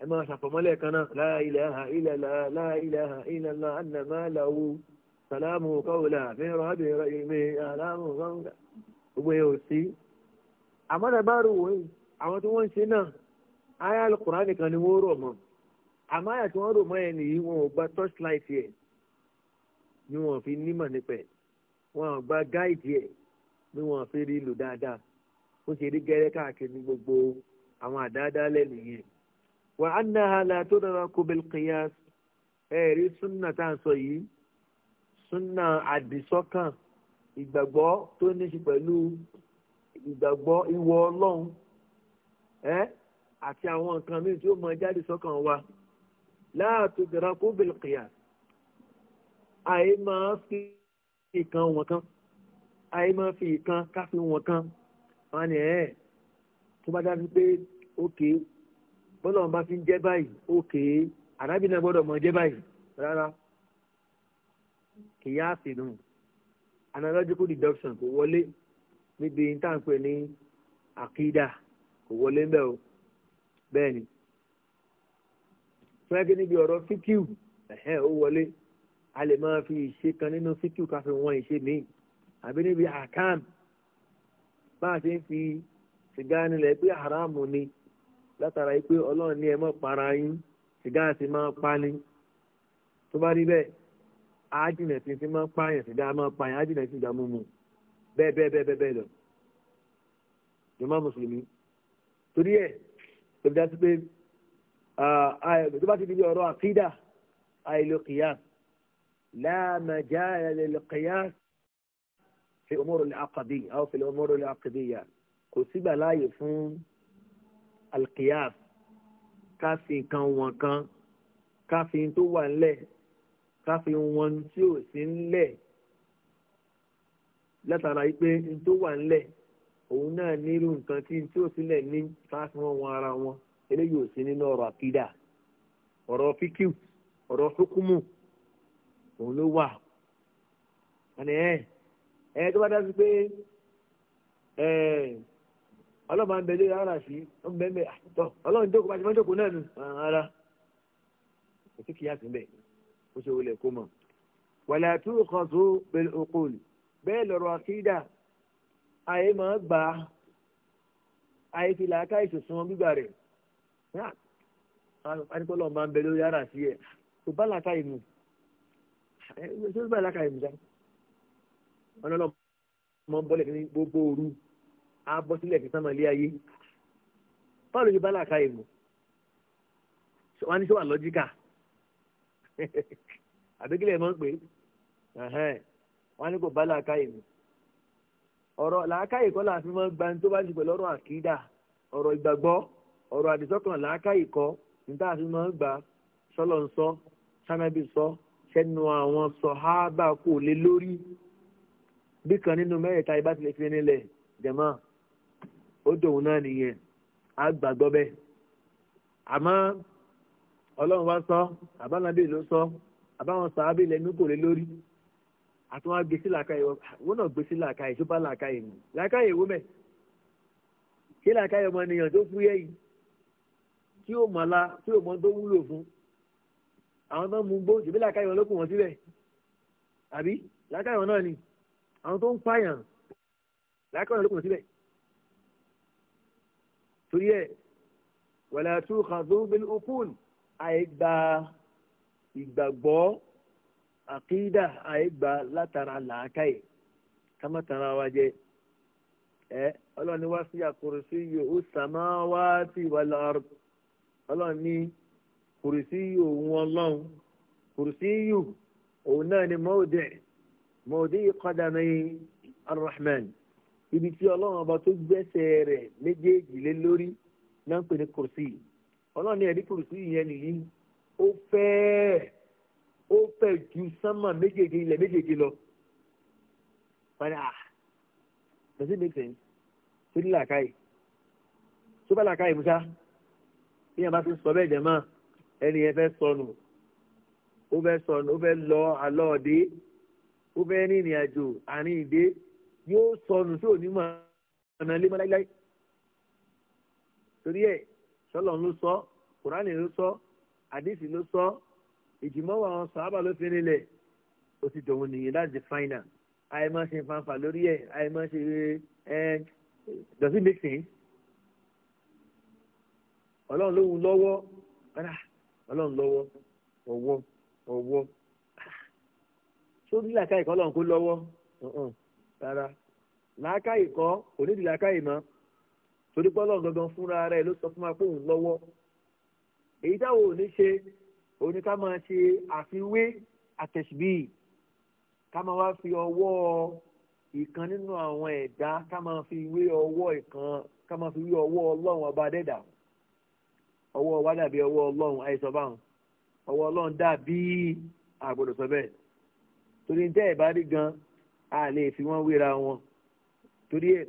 ẹ máa ṣàfọ̀mọ́lẹ̀ kan náà la ilaha illallah la ilaha illallah ànàmá làwù sàlámù kọ́wùlà mẹ́rọ àbẹ̀rẹ̀ ìmẹ̀ àlámù kọ́wùlà gbogbo ẹ̀ ò sí. àmọ́ náà bá rò wọ́n àwọn tí wọ́n ń ṣe náà ayé alukùrán nìkan ni wọ́n rọ̀ mọ́ àmọ́ tí wọ́n rò mọ́ ẹ̀ nìyí wọn ò gba torchlight yẹ ni wọn fi nímọ̀ nípẹ̀ wọn ò gba guide yẹ ni wọn fi rí lò dáadáa ó ṣe rí gẹ́rẹ́ káàkiri gbogbo àwọn àdáadáa lẹ́nu yẹn wà á ná ha la tó dára kó bẹ́ẹ̀ kìyàs ẹ̀rí súnà tá à ń sọ yìí súnà àdìsọ́kàn ìgbàgbọ́ tó ní ṣe pẹ̀lú ìgbàgbọ́ ìwọ ọlọ́run ẹ́ àti àwọn nǹkan míì tí ó mọ jáde sọ́kàn wa láàtò dára kó bẹ́ẹ̀ kìyàs àyè máa fi ìkan wọn kan àyè máa fi ìkan ká fi kan wọn ni ẹ́ẹ́ tó bá dá sí pé òkè bọ́lá wọn bá fi ń jẹ́ báyìí òkè ànábì náà gbọ́dọ̀ mọ̀ jẹ́ báyìí rárá kìyà àsìnù analogical deduction kò wọlé níbi táǹpẹ̀ ní àkídà kò wọlé ń bẹ̀ o bẹ́ẹ̀ ni fẹ́ẹ́kì níbi ọ̀rọ̀ fíkìú ẹ̀hẹ́ ó wọlé a lè máa fi ìṣe kan nínú fíkìú ká wọ́n ìṣe míì àbí níbi àkàm bá a ṣe ń fi sìgá nílẹ̀ pé haramu ni látara pé ọlọ́run ní ẹ mọ́ para yín sìgá sì máa pa ni tó bá rí bẹ́ẹ̀ ájìnà sí ti máa pààyàn sìgá máa pààyàn ájìnà sí ìgbà mímu bẹ́ẹ̀ bẹ́ẹ̀ bẹ́ẹ̀ bẹ́ẹ̀ lọ jọmọ́ mùsùlùmí torí ẹ̀ tó fi dá sí pé tó bá ti di bí ọ̀rọ̀ àkídà àìlò kìyàs láàmàjá àìlò kìyàs fi ọmọrò lè àkàdé àwọn fi ọmọrò lè àkàdé yàrá kò sígbà láàyè fún alkiyaf ká fi nǹkan wọn kan ká fi tó wà ńlẹ̀ ká fi wọn tí ò sí ńlẹ̀ látara yìí pé n tó wà ńlẹ̀ òun náà nírú nǹkan tí n tí ò sílẹ̀ ní ká wọn wọn ara wọn eléyìí ò sí nínú ọ̀rọ̀ àkídà ọ̀rọ̀ fíkìw ọ̀rọ̀ hukumu òun ló wà ẹni ẹ ẹ tó bá dá sí pé ẹ ọlọ́run máa ń bẹ lórí ara sí ó ń bẹ́ẹ̀ ah, tọ́ ọlọ́run jókòó bá ti máa jókòó náà nù ah, ara kò sí kìyà síbẹ̀ ó ṣe wọlé kó mọ̀. wàlẹ̀ àtúrò kan tó bẹ̀rẹ̀ òkòlù bẹ́ẹ̀ lọ́rọ̀ akídà àyè máa gbà á àyè ti làákà ìṣòṣùn wọn gbígbà rẹ̀ anìkọ́lọ́ ah, máa ń bẹ lórí ara sí ẹ̀ kò bá làákà ìmù eh, ṣé ó bá làákà ìmù sá ọlọ́run máa bọ́lẹ̀ ní gbogbo òru á bọ́ sílẹ̀ kí sánmà ilé ayé báwo ló ṣe bá làákà yìí mu wọn ní sọ wà lọ́jíkà àbíkílẹ̀ mọ́ pé wọn ní kò bá làákà yìí ọ̀rọ̀ làákà yìí kọ́ la fi máa gba ní tó bá ti pẹ̀lú ọ̀rọ̀ àkídà ọ̀rọ̀ ìgbàgbọ́ ọ̀rọ̀ àdìsọ́kàn làákà yìí kọ́ ní tá a fi máa gbà sọ́lọ́ ń sọ sánábì sọ sẹ́nu àwọn sọ̀hábà kò lé lórí bí kan nínú mẹ́rẹ̀ẹ̀ta ibà tilẹ̀ fi nílẹ̀ jẹ̀mọ́ ó dòun náà nìyẹn á gbàgbọ́ bẹ́ẹ̀ àmọ́ ọlọ́run wá sọ àbánábì ló sọ àbáwọn sàábì lẹ́nu kò lé lórí àtúnwá gbé sí làákàyè wọn náà gbé sí làákàyè tó bá làákàyè mu làákàyè wọ́n mẹ́ ṣé làákàyè ọmọ ènìyàn tó fú yẹ́ yìí tí ó mọ̀lá tí ó mọ tó wúlò fún àwọn tó ń gbó jùbí làákàyè wọn ló kù wọn síbẹ̀ àbí làákàyè wọn náà ni àwọn tó ń pààyàn làákàyè wọn ló kù wọn síbẹ̀ torí ẹ̀ wàlá tó kàn tó ń bẹ okun àìgbà ìgbàgbọ́ àkídà àìgbà látara làákàyè kámátara wa jẹ ẹ ọlọ́run ni wá sí àkùrùsí yòó sàmáwáàtì wàlá ọlọ́run kùrùsí yòó òun ọlọ́run kùrùsí yòó òun náà ni mọ́ọ̀dẹ̀ mọ́ọ̀dẹ̀ yìí kọ́dà mẹ́yìn arrahman ibi tí ọlọ́run ọba tó gbẹ́sẹ̀ rẹ̀ méjèèjì lé lórí náà ń pè ní kùrùsì ọlọ́run ní ẹ̀rí kùrùsì yẹn nìyí ó fẹ́ ó fẹ́ ju sánmà méjèèjì ilẹ̀ méjèèjì lọ padà ah, does it make sense tó ní làákàyè tó bá làákàyè musa bí yàrá tó sọ bẹ́ẹ̀ jẹ̀mọ́ ẹni yẹn fẹ́ sọnù ó fẹ́ sọnù ó fẹ́ lọ àlọ́ ọ̀dẹ́ ó fẹ́ rìnrìn àjò àárín ìdè yóò sọnù tí ò ní mọ ọ̀nà ilé mọ́láyáyé torí ẹ̀ sọlọ ló sọ kùránì ló sọ àdìsí ló sọ ìjìmọ̀wọ̀ àwọn sàábà ló fi rinlẹ̀ ó ti dòun nìyẹn láti fáìnà àìmọ́ ṣe fanfà lórí ẹ̀ àìmọ́ ṣe ẹ does it make sense ọlọ́run ló wù lọ́wọ́ ọlọ́run lọ́wọ́ ọwọ́ ọwọ́ sórí ah. làkàyè kọ́ ọlọ́run kó lọ́wọ́ rárá làákàyè kan kò nídìí làákàyè mọ́ torí pọ́lọ́ gangan fúnra rẹ̀ ló sọ fún wa pé òun lọ́wọ́ èyí táwọn ò ní ṣe òun ni ká máa ṣe àfiwé àtẹ̀síbí ká máa wá fi ọwọ́ ìkan nínú àwọn ẹ̀dá ká máa fi wé ọwọ́ ìkan ká máa fi wé ọwọ́ ọlọ́run ọba dẹ́dà ọwọ́ wa dàbí ọwọ́ ọlọ́run àìsàn báwọn ọwọ́ ọlọ́run dàbí àgbọ̀dọ̀ sọ bẹ́ẹ̀ torí ní tẹ́ ẹ̀ bá rí gan-an a lè fi wọ́n wéra wọn torí ẹ̀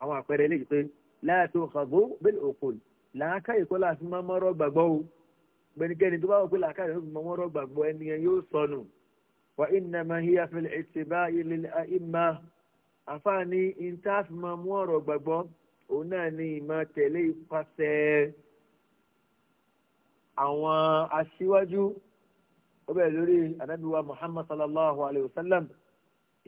àwọn àpẹẹrẹ lè pé láàtò ọ̀kàgbó bẹ́ẹ̀ òkò làákàyè kọ́ láti máa mọ́rọ́ gbàgbọ́ o gbẹnikẹ́ni tó bá wọ pé làákàyè kọ́ máa mọ́rọ́ gbàgbọ́ ẹnìyẹn yóò sọnù wà ìnàmà híyà fẹlẹ̀ ètè bá ilẹ̀ ìmà àfààní ìntàfi máa mú ọ̀rọ̀ gbàgbọ́ òun náà ni ìmọ̀ tẹ̀lé ìpasẹ̀ àwọn aṣíwájú ó lórí anábìwá Muhammad sallallahu alayhi wa sallam.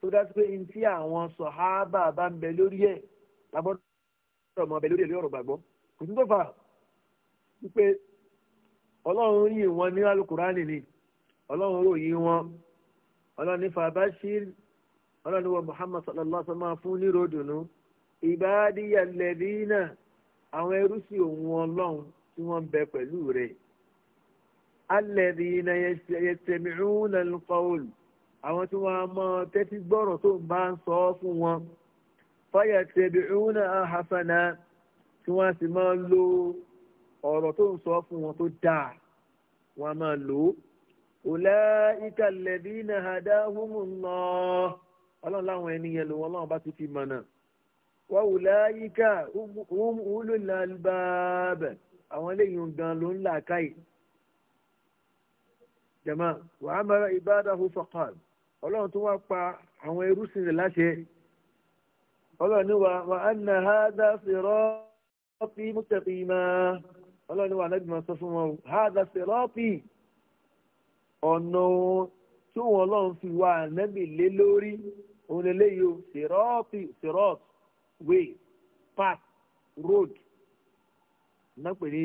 tó dájú pé n tí àwọn sọ̀hábà bá ń bẹ lórí ẹ̀ lábọ́dọ̀ gbagbọ bẹ lórí kò tó fà wípé ọlọ́run yìí wọn ní alukurani ni ọlọ́run ròyìn wọn ọlọ́run ní fàbáṣír ọlọ́run ní wọn muhammad sallallahu alaihi wa sallam fún ìbáàdíyà lẹ́dínà àwọn òun ọlọ́run tí wọ́n bẹ pẹ̀lú rẹ̀ alẹ́dínà lẹ́nu àwọn tí wọ́n mọ tẹ́tí gbọ́rọ̀ tó bá ń sọ fún wọn fáyà tẹ̀bi ìhúnà hasana tí wọ́n sì máa ń lo ọ̀rọ̀ tó ń sọ fún wọn tó dáa wọ́n máa lò ó. ulaika alladhina hadahumullah ọlọ́run láwọn ènìyàn lò wọ́n láwọn bá ti fi mọ̀ náà. wa ulaika hum ulul albab àwọn eléyìí gan ló ń là káyìí. jama wa amara ibadahu ọlọ́run tó wá pa àwọn ẹrúsìn rẹ̀ láṣẹ ọlọ́run ní wa wa anna hadha sirati mustaqima ọlọ́run ní wa anábì máa sọ fún wọn hadha sirati ọ̀nà tí wọn ọlọ́run fi wá anábì lé lórí òun lélẹ́yìí o sirati sirat way path road nàpẹ̀ ní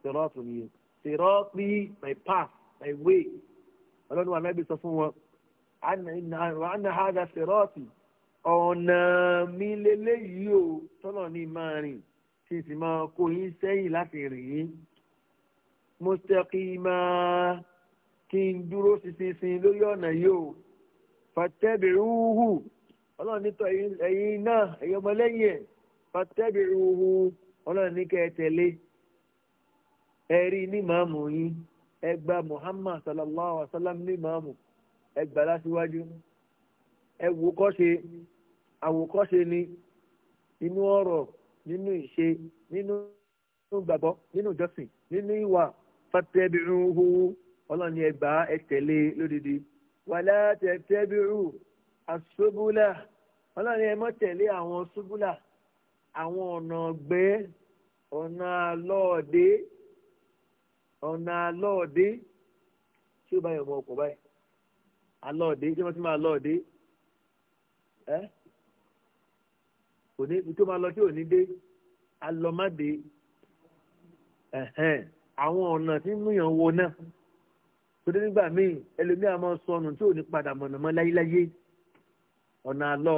sirati nìyẹn sirati my path my way ọlọ́run ní wa sọ fún wọn àna hada sirati ọ̀nà mi lélẹ́yìí o tọ́nà ní máa rìn tí sì máa kó yín sẹ́yìn láti rìn yín mustaqima kí n dúró ṣinṣin lórí ọ̀nà yìí o fattabi'uhu ọlọ́run nítọ́ ẹ̀yin náà ẹ̀yin ọmọlẹ́yìn ẹ̀ fattabi'uhu ọlọ́run ní kẹ́ ẹ tẹ̀lé ẹ ní màmú yín ẹ gba muhammad sallallahu alaihi wa sallam ní màmú ẹ gbà láṣíwájú ẹ wò kọ́ṣe àwòkọ́ṣe ni inú ọ̀rọ̀ nínú ìṣe nínú gbàgbọ́ nínú ìjọsìn nínú ìwà fàtẹ́bìrúhu ọlọ́ni ẹ gbà ẹ tẹ̀lé e lódìdí wàlá tẹ̀tẹ́bìrú àṣubúlà ọlọ́ni ẹ mọ́ tẹ̀lé àwọn ṣubúlà àwọn ọ̀nà ọ̀gbẹ́ ọ̀nà àlọ́ọ̀dé ọ̀nà àlọ́ọ̀dé tí ó bá mọ́ ọkọ̀ báyìí. alọ́ọ̀dé tí wọ́n ti máa lọ́ọ̀dé ẹ́ òní tó máa lọ tí òní dé alọ́mọdé ẹ̀hẹ́n àwọn ọ̀nà tí múyàn wo náà torí nígbà míì ẹlòmíà máa sọnù tí ò ní padà mọ̀nà mọ́ láyéláyé ọ̀nà nù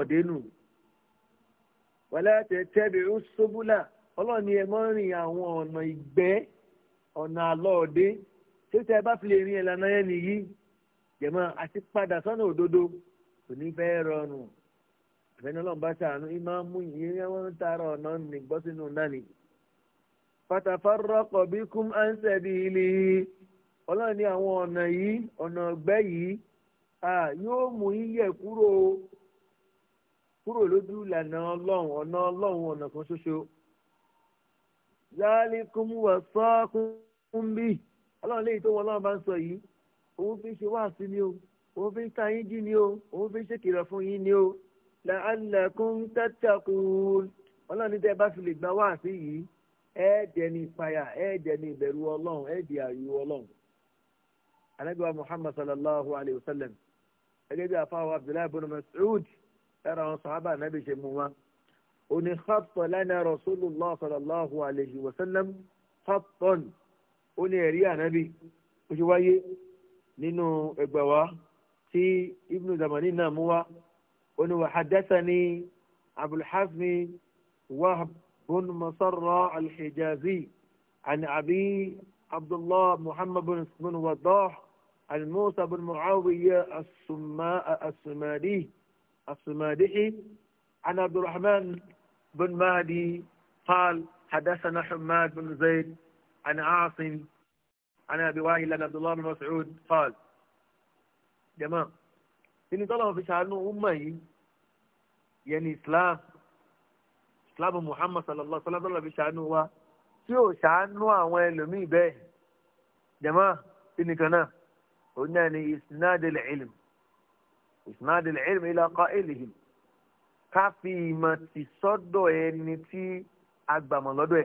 wọlé ọlọ́ọ̀ni ẹ jẹ̀mọ́ àti padà sọ́nà òdodo kò ní fẹ́ rọrùn àfẹ́ni ọlọ́run bá ṣàánú ìmọ̀ mú yìnyín wọn ń tààrà ọ̀nà ní gbọ́ sínú náà ni. bí kún ánsẹ̀bí ilé ọlọ́run ní àwọn ọ̀nà yìí ọ̀nà ọ̀gbẹ́ yìí yóò mú kúrò kúrò lójú ìlànà ọlọ́run ọ̀nà ọlọ́run ọ̀nà kan ṣoṣo. wà bí ọlọ́run òun fi ṣe wáàsí ni o òun fi ń ta yín jí ni o òun fi ń ṣèkìlọ̀ fún yín ni o la'allakum tattaqun ọlọ́run ní tẹ́ ẹ bá fi lè gba wáàsí yìí ẹ jẹ́ ní ìpayà ẹ jẹ́ ní ìbẹ̀rù ọlọ́run ẹ jẹ́ àyù ọlọ́run. anagba muhammad sallallahu alayhi wa sallam gẹ́gẹ́ bí afáwọ abdullahi bin mas'ud ẹ̀rọ àwọn sàhábà nàbì ṣe mú wa. òní khatta lana rasulullah sallallahu alayhi wa sallam khattan òní ẹ̀rí ànábì ó nínú ẹgbà wa tí ibnu zamani náà mú wa ó ní wa hadathani abulhasmi wahab bun masarra alhijazi an abi abdullah muhammad bin wadah an musa bin muawiya asumadi asumadihi an bin mahdi قال حدثنا حماد بن زيد عن عاصم عن ابي وائل عن عبد الله بن مسعود قال جماعه اني طلب في شهر امي يعني اسلام اسلام محمد صلى الله عليه وسلم طلب في شهر هو في شهر نو اوان به جماعه اني كنا قلنا لي اسناد العلم اسناد العلم الى قائلهم كافي ما تصدو اني تي اغبا مولدو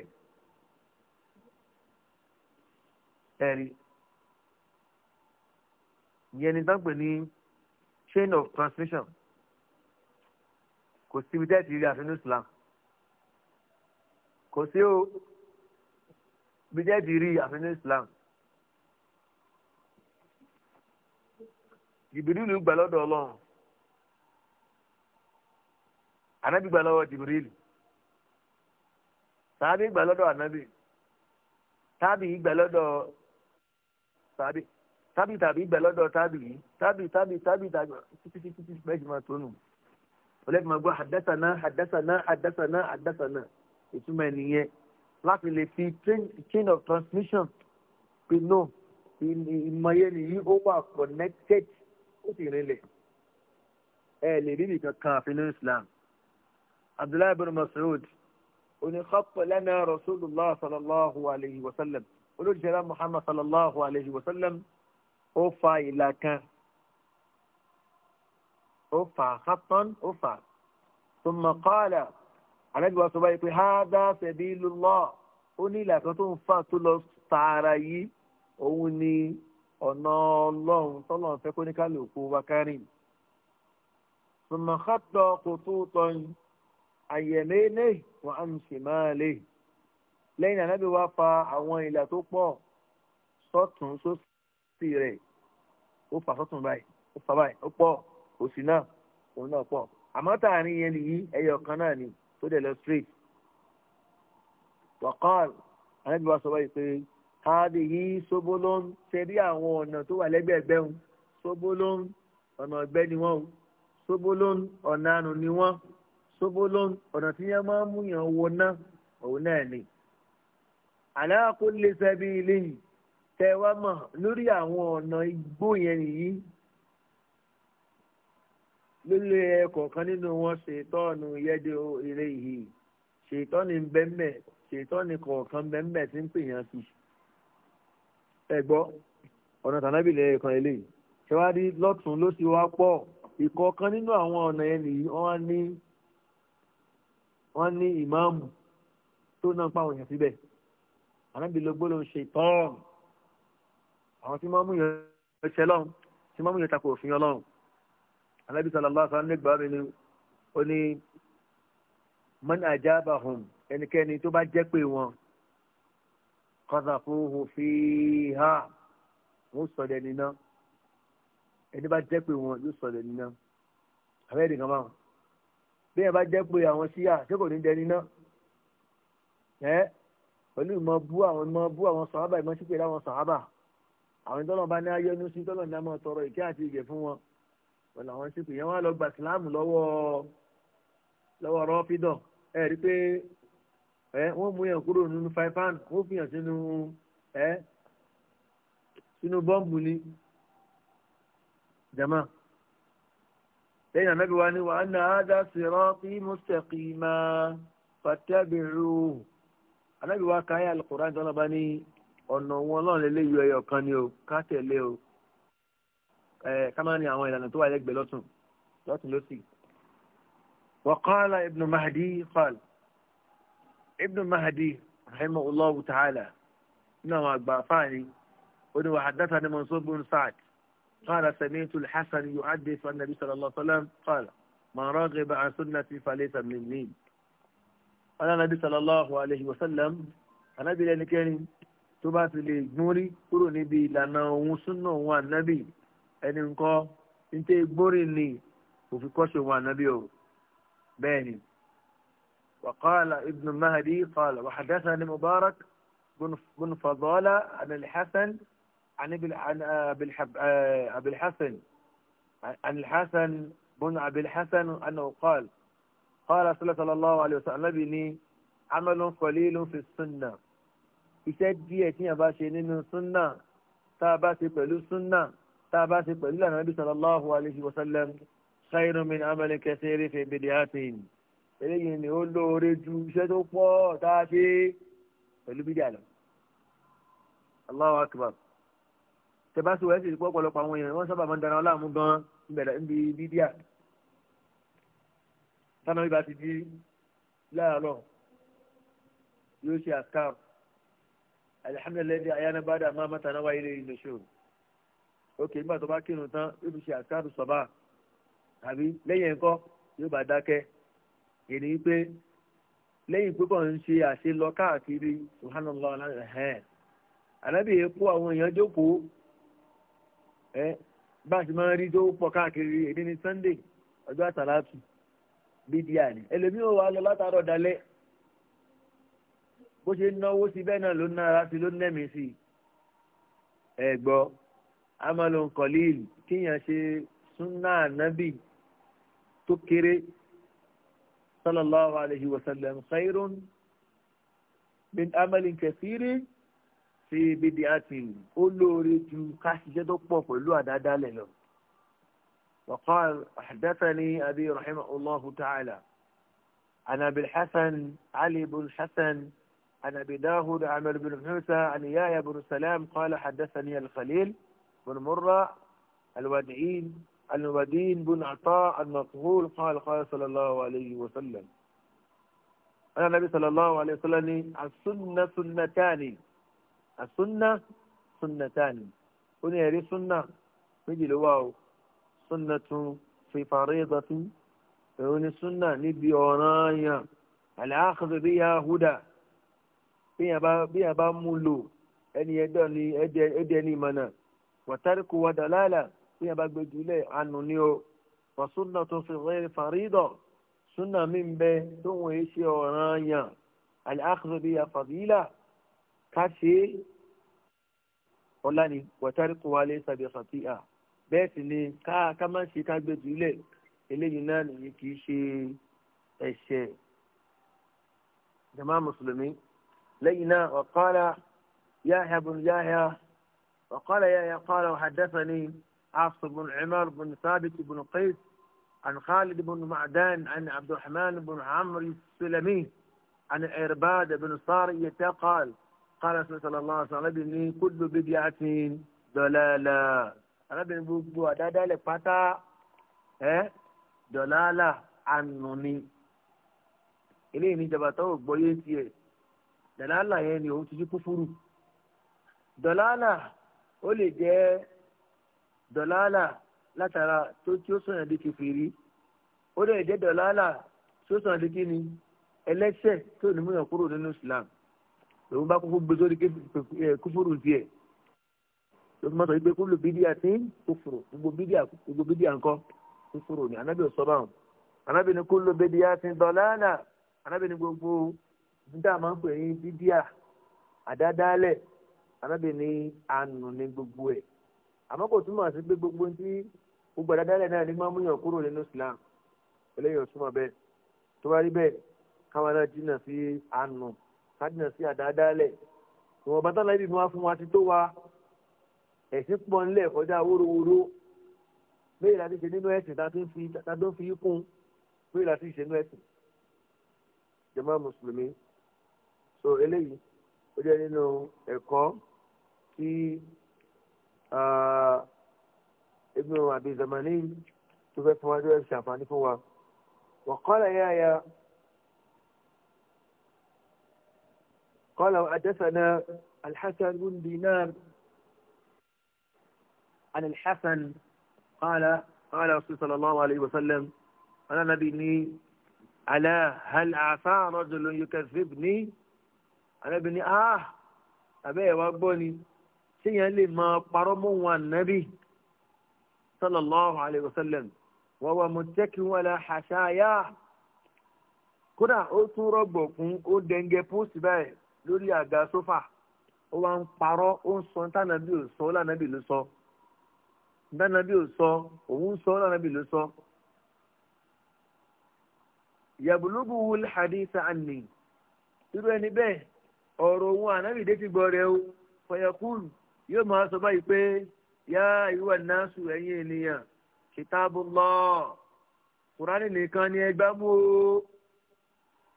ẹ̀rí ìyẹn ni dánpẹ̀ ní chain of transmission kò síbi tẹ́ẹ̀tì rí àfihàn Islam kò sí o bí tẹ́ẹ̀tì rí àfihàn Islam jìbìrìlù gbà lọ́dọ̀ ọlọ́run ànábì gbà lọ́wọ́ jìbìrìlù sàábì gbà lọ́dọ̀ ànábì tábì gbà lọ́dọ̀ sábì tábì tàbí gbà lọ́dọ̀ tábì yìí tábì tábì tábì tàbí títí títí bẹ́ẹ̀ sì máa tónù ọlẹ́bí máa gbọ́ àdásánà àdásánà àdásánà àdásánà ìtumọ̀ ẹ̀nìyẹn láti lè fi chain of transmission pé no ìmọ̀ye nìyí ó wà connected ó sì rinlẹ̀ ẹ lè rí nìkan kan àfinú Islam Abdullahi bin Mas'ud oní kọ́pọ̀ lẹ́nà Rasulullah sallallahu alayhi wa sallam olóṣèlú muhammad sallallahu alayhi wa sallam ó fa ìlà kan ó fa hasan ó fa thumma qala anábìwá sọ báyìí pé hadha sabilullah ó ní ìlà kan tó ń fà tó lọ tààrà yìí òun ni ọ̀nà ọlọ́run tọ́lọ́run fẹ́ kó ní kálukú wa kárìn thumma khatta khututan an yaminih wa an shimalih lẹ́yìn ànábì wá fa àwọn ìlà tó pọ̀ sọ́tún sósì rẹ̀ ó fà sọ́tún báyìí ó fà báyìí ó pọ̀ òsì náà òun náà pọ̀ àmọ́ tààrin yẹn nìyí ẹyọ kan náà ni tó dẹ̀ lọ straight wàkọ́ọ̀lù ànábì wá sọ báyìí pé káàdì yìí sóbólón ṣe rí àwọn ọ̀nà tó wà lẹ́gbẹ̀ẹ́gbẹ́ wọn sóbólón ọ̀nà ọ̀gbẹ́ ni wọ́n sóbólón ọ̀nà àrùn ni wọ́n sóbólón ọ̀nà tí yẹn máa ń múyàn wọ náà òun náà ni ala kulli sabili tẹ wá mọ̀ lórí àwọn ọ̀nà igbó yẹn nìyí lórí ẹ̀kọ̀ọ̀kan nínú wọn ṣètọ́ọ̀nù yẹ́dẹ̀ eré yìí ṣètọ́ọ̀nì bẹ́ẹ̀mẹ̀ ṣètọ́ọ̀nì kọ̀ọ̀kan bẹ́ẹ̀mẹ̀ tí ń pè yàn sí. ẹ gbọ́ ọ̀nà tànábìlẹ̀ ẹ̀kan eléyìí ṣé wàá rí lọ́tún ló ti wá pọ̀ ìkọ̀ọ̀kan nínú àwọn ọ̀nà yẹn nìyí wọ́n ní ìmáàmù tó náà pàwọn yàn síbẹ̀ ànábì ló gbólóhùn ṣe tọ́ọ̀n àwọn tí máa mú yẹn ṣe lọ́n tí máa mú yẹn takò òfin ọlọ́run ànábì sallallahu alaihi wasallam nígbà mi ni ó ní man ajabahum ẹnikẹ́ni tó bá jẹ́ pé pẹ̀lú ìmọ̀ bú àwọn ìmọ̀ bú àwọn sàhábà ìmọ̀ sí pẹ̀lú àwọn sàhábà àwọn ìtọ́lọ̀ bá ní ayọ́nú sí tọ́lọ̀ ní àmọ́ tọrọ ìkẹ́ àti ìgẹ̀ fún wọn pẹ̀lú àwọn sí pẹ̀lú wọn lọ gba ìsìláàmù lọ́wọ́ lọ́wọ́ rọ́fídọ̀ ẹ rí pé ẹ wọ́n mú yàn kúrò nínú faifan wọ́n fi hàn sínú ẹ sínú bọ́ǹbù ni jama lẹ́yìn ànábì wa ni wàá nà á dá sí rọ́ọ̀tì mustaqima fattabi'uhu anábì wa ka ayé alukoran tó lọ́ba ní ọ̀nà wọn lọ́run lè léyìí ẹyọ kan ni o ká tẹ̀lé o ẹ̀ ká má ní àwọn ìlànà tó wà lẹ́gbẹ̀ẹ́ lọ́tún lọ́tún lọ́sì. wa qala ibnu mahdi qala ibnu mahdi rahimahullahu ta'ala nínú àwọn àgbà fáàní ó ní wa haddathani mansur bin sa'd qala sami'tu al-hasan yuhaddithu an-nabi sallallahu alayhi wa sallam qala man raghiba an sunnati falaysa minni. أنا نبي صلى الله عليه وسلم أنا بلا نكاني تبات لي نوري كروني بي لأن وسنة وان نبي أن إنكو أنت بوريني وفي كوش وان نبيو باني وقال ابن مهدي قال وحدثنا مبارك بن بن فضالة عن الحسن عن ابن عن أبي الحسن عن الحسن بن أبي الحسن أنه قال qala sallallahu alaihi wasallam ní amalun qalilun fi sunna iṣẹ́ díẹ̀ tí yàn bá ṣe nínú sunna tá a bá ṣe pẹ̀lú sunna tá a bá ṣe pẹ̀lú ànábì sallallahu alaihi wasallam khairun min amalin kathirin fi bid'atin eléyìí ni ó lóore ju iṣẹ́ tó pọ̀ tá a ṣe pẹ̀lú bídíà lọ. Allahu akbar. tẹ̀bá sí wẹ́ẹ́sì ìpọ́pọ̀lọpọ̀ àwọn èèyàn wọ́n sábà máa ń dara ọlá tánà bíbá ti di láàárọ̀ yóò ṣe àkàm alihamdulilayi ayana bada máa mẹ́ta náà wáyé lẹ́yìn lọ́sọ̀rọ̀ ok nígbà tó bá kírun tán yóò fi ṣe àkàm sọ̀bà àbí lẹ́yìn ẹ̀kọ́ yóò bá dákẹ́ èdè wípé lẹ́yìn pípọ̀ ń ṣe àṣe lọ káàkiri subhanallah ẹ̀hẹ́n ànábì epo àwọn èèyàn jókòó ẹ bá a ti máa rí tó pọ̀ káàkiri èdè ní sunday ọjọ́ àtàlátù bídíà ni ẹlòmíì ò wá lọ látàárọ̀ dalẹ́ bó ṣe náwó sí bẹ́ẹ̀ náà ló ń nára sí ló ń nẹ́mí sí ẹ gbọ́ amalon kọ̀lìl kíyàn ṣe súnà nábì tó kéré sallallahu alayhi wa sallam khairun min amalin kẹsìrì sí bídíà tì ó lóore ju ká ṣiṣẹ́ tó pọ̀ pẹ̀lú àdádálẹ̀ lọ. وقال حدثني أبي رحمه الله تعالى عن أبي الحسن علي بن الحسن عن أبي داود عمر بن حوسة عن إياي بن سلام قال حدثني الخليل بن مرة الودعين الودين بن عطاء المقهول قال قال صلى الله عليه وسلم أنا النبي صلى الله عليه وسلم السنة سنتان السنة سنتان هنا يري سنة مجي لواو sunnatun fi faridatin òun ni sunna níbi ọ̀ràn yàn àlàáfíà bí yà húdà bí yà bá mú lò ẹni ẹjọ́ ni ẹjẹ́ ni ìmọ̀nà wàtárìkù wà dàlálà bí yà bá gbé jùlẹ̀ ànú ni o wà sunna tó fi rẹ̀ fàrídọ̀ sunna mi ń bẹ tó wọ́n yé ṣe ọ̀ràn yàn àlàáfíà bí yà fàdílà ká ṣe ọ̀la ni wàtárìkù wà lè sàbẹ̀ fàtíà. bẹ́ẹ̀ sì ni ká ká má ṣe ká gbé jùlẹ̀ eléyìí náà nìyí kì í ṣe ẹ̀ṣẹ̀ jama mùsùlùmí lẹ́yìn náà ọ̀kọ́lá yáhà bùn yáhà ọ̀kọ́lá yáhà kọ́lá ọ̀hádẹ́fẹ́ ni àṣọ bùn ẹ̀mọ́rù bùn ثابت bùn قيس عن خالد بن معدان عن عبد الرحمن بن عمرو السلمي عن عرباد بن صارية قال قال صلى الله عليه وسلم كل بدعة ضلالة arábìnrin gbogbo àdádálẹ̀ pátá ẹ́ dọ̀làálà ànù ni eléyìí níjọba tó gbọ́yé tiẹ̀ dọ̀làálà yẹn ni òun ti jí kúfúrú dọ̀làálà ó lè jẹ́ dọ̀làálà látara tó tí ó sọ̀yàn di kìfìrí ó lè jẹ́ dọ̀làálà tó sọ̀yàn di kíni ẹlẹ́sẹ̀ tó ní múyàn kúrò nínú Islam lòun bá kúkú gbé sórí kúfúrú tiẹ̀ ló fi mọ́ sọ wípé kúlù bídíà tí kò fòrò gbogbo bídíà gbogbo bídíà ńkọ́ kò fòrò ní anábì ò sọ báwọn anábì ní kúlù bídíà tí dọ̀láàlà anábì ní gbogbo dídá máa ń pè ní bídíà àdádálẹ̀ anábì ní àánú ní gbogbo ẹ̀ àmọ́ kò túmọ̀ sí pé gbogbo tí gbogbo àdádálẹ̀ náà ní máa mú yàn kúrò nínú Islam eléyìí ò túmọ̀ bẹ́ẹ̀ tó bá rí bẹ́ẹ̀ káwọn náà jìnnà sí àánú ká jìnnà sí àdádálẹ̀ ìwọ̀nba tán láì ẹ̀sìn pọ̀ ńlẹ̀ kọjá wórówóró bẹ́ẹ̀ la ti ṣe nínú ẹ̀sìn ta tó ń fi ta tó ń fi kún bẹ́ẹ̀ la ti ṣe nínú ẹ̀sìn jàmá mùsùlùmí so eléyìí ó jẹ́ nínú ẹ̀kọ́ tí Ibn Abi Zamani tó fẹ́ fún wa tó ṣe àǹfààní fún wa wa qala Yahya qala haddathana al-Hasan bin Dinar. عن الحسن قال قال رسول صلى الله عليه وسلم أنا نبيني على هل أعفى رجل يكذبني أنا بني آه أبي وأبوني سيئا لما قرموا النبي صلى الله عليه وسلم وهو متكئ ولا حشايا كنا ó tún rọgbọ fún ó dẹngẹ póòsì báyìí lórí àga sófà ó wá ń parọ́ ó dánábì ò sọ òun sọ dánábì ló sọ. yàbùlùbù wul haditha anni irú ẹni bẹ́ẹ̀ ọ̀rọ̀ òun ànábì dé ti gbọ́ rẹ o fọyọkùn yóò máa sọ báyìí pé yá ìwà náṣù ẹ̀yìn ènìyàn kitabullah kùránì nìkan ni ẹ gbá mú o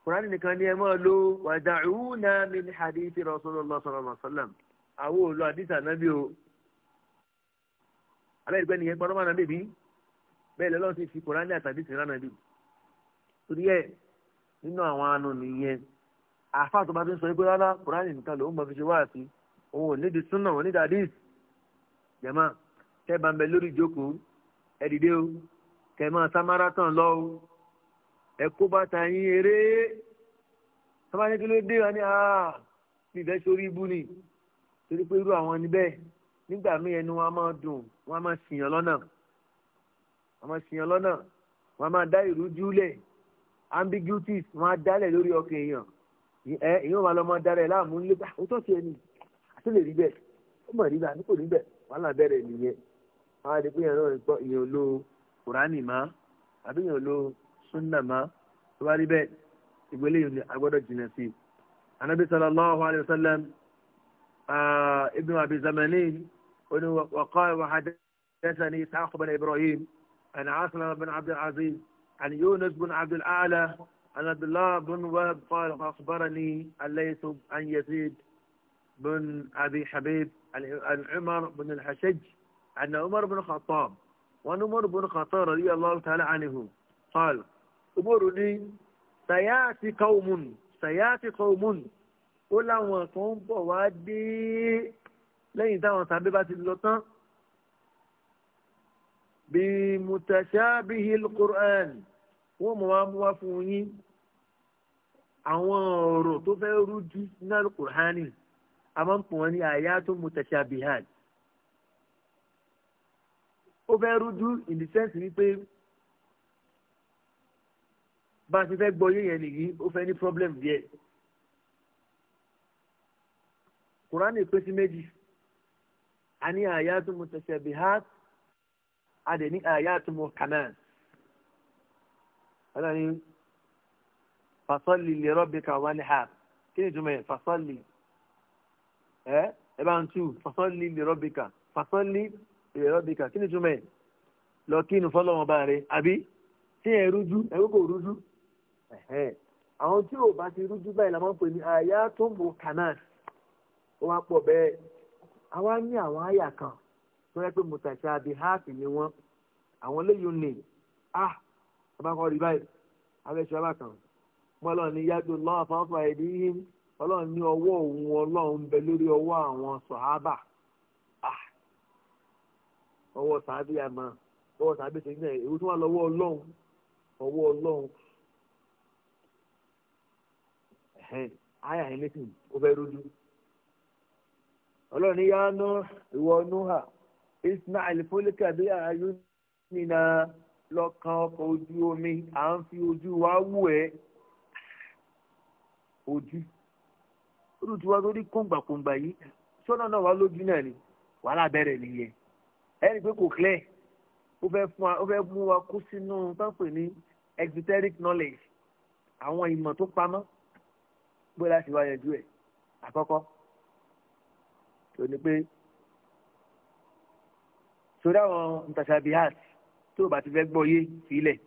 kùránì nìkan ni ẹ máa lo wàdàrú náà min hadithi rasulullah sallallahu àwọn òòlù náà bí o alẹ́gbẹ́ nìyẹn gbọ́dọ̀ máa nàbẹ̀bí bẹ́ẹ̀ lọ́lọ́run ti fi kùránì àtàdé ti ránà bíi torí ẹ̀ nínú àwọn àánú nìyẹn àáfàá tó bá ti ń sọ pé rárá kùránì nìkan lòún mọ̀ fi ṣe wáàsí òun ò nídìí súnà òun nídìí àdìs jẹ̀mọ́ tẹ́ bá ń bẹ lórí ìjókòó ẹ dìde o kẹ́ máa sámárà tàn lọ o ẹ kó bàtà yín eré tọ́ba ní kí ló dé wa ní àá nífẹ̀ẹ́ sórí ibú ni torí pé irú àwọn ni bẹ́ẹ̀ nígbà míì ẹnu wọn máa dùn wọn máa sìyàn lọ́nà wọn máa sìyàn lọ́nà wọn máa dá ìrújú lẹ̀ ambiguities wọn á dálẹ̀ lórí ọkàn èèyàn ẹ èyí wọn máa lọ máa dára ẹ láàmú nílé bá ah, òótọ́ tiẹ̀ ni àti lè rí bẹ́ẹ̀ ó mọ̀ rí bẹ́ẹ̀ àti kò rí bẹ́ẹ̀ wàhálà bẹ̀rẹ̀ nìyẹn wọn á di pé yẹn náà gbọ́ ìyẹn lo kùránì má àbí yẹn lo súnà má tó bá rí bẹ́ẹ̀ ìgbélé yìí ni agbọ́dọ̀ jìnnà sí i anabi sallallahu alayhi wa sallam آه، ابن أبي زمانين وقال وحدثني إسحاق بن إبراهيم عن عاصم بن عبد العزيز عن يونس بن عبد الأعلى عن عبد الله بن وهب قال أخبرني الليث عن يزيد بن أبي حبيب عن عمر بن الحشج عن عمر بن الخطاب وعن عمر بن الخطاب رضي الله تعالى عنه قال أمرني سيأتي قوم سيأتي قوم ó láwọn kan ń bọ̀ wá dé lẹ́yìn táwọn tàbí bá ti lọ tán bí mutashabihil Qur'an wọ́n mọ̀ wá mú wá fún yín àwọn ọ̀rọ̀ tó fẹ́ rújú nínú Qur'ani a máa ń pọ̀ wọ́n ní ayatun ó fẹ́ rújú in the sense wípé bá a ti fẹ́ gbọ́ yé nìyí ó fẹ́ ní problem díẹ̀. Yeah kùránì pín sí méjì a ní àyàtú mutashabihat a dẹ̀ ní àyàtú muhkamat ọlọ́ni fasọ́lì li rabbika wanhar kí ni ìtumọ̀ yẹn fasọ́lì ẹ ẹ bá ń tú fasọ́lì li rabbika fasọ́lì li rabbika kí ni ìtumọ̀ yẹn lọ kí inú fọlọ́wọ́n bá rẹ àbí tí ẹ rújú ẹ kókò rújú àwọn tí ò bá ti rújú báyìí la máa ń pè ní àyàtú muhkamat. ó pọ bẹẹ. A àwa ní àwọn àyà kan tó yẹ pé mùtàṣà àbí háàtì ni wọn, àwọn eléyìí ni ah, a abakọ rí báyìí abẹ́sẹ̀ abákan ni yádùn lọ́wọ́ fáfá ẹ̀dí yín ọlọ́run ní ọwọ́ òun ọlọ́run bẹ lórí ọwọ àwọn sọ̀hábà ọwọ ah, ọwọ àmọ́ ọwọ sàábì ṣe tí àyà ó ọlọ́run ní yánú ìwọ nuha ismail fúlíkà bí ayú nínà lọ́kàn ọkọ̀ ojú omi à ń fi ojú wa wù ẹ́ ojú ojú tiwa lórí kóńgbàkóńgbà yìí sọ́nà náà wà lójú náà ni wàhálà bẹ̀rẹ̀ nìyẹn ẹni pé kò clear ó fẹ́ fún wa ó fẹ́ mú wa kó sínú pápẹ́ ní exoteric knowledge àwọn ìmọ̀ tó pamọ́ bóyá láti wá yanjú ẹ̀ àkọ́kọ́ tó ní pé sórí àwọn ntasabihat tó o bá ti fẹ́ gbọ́ yé sílẹ̀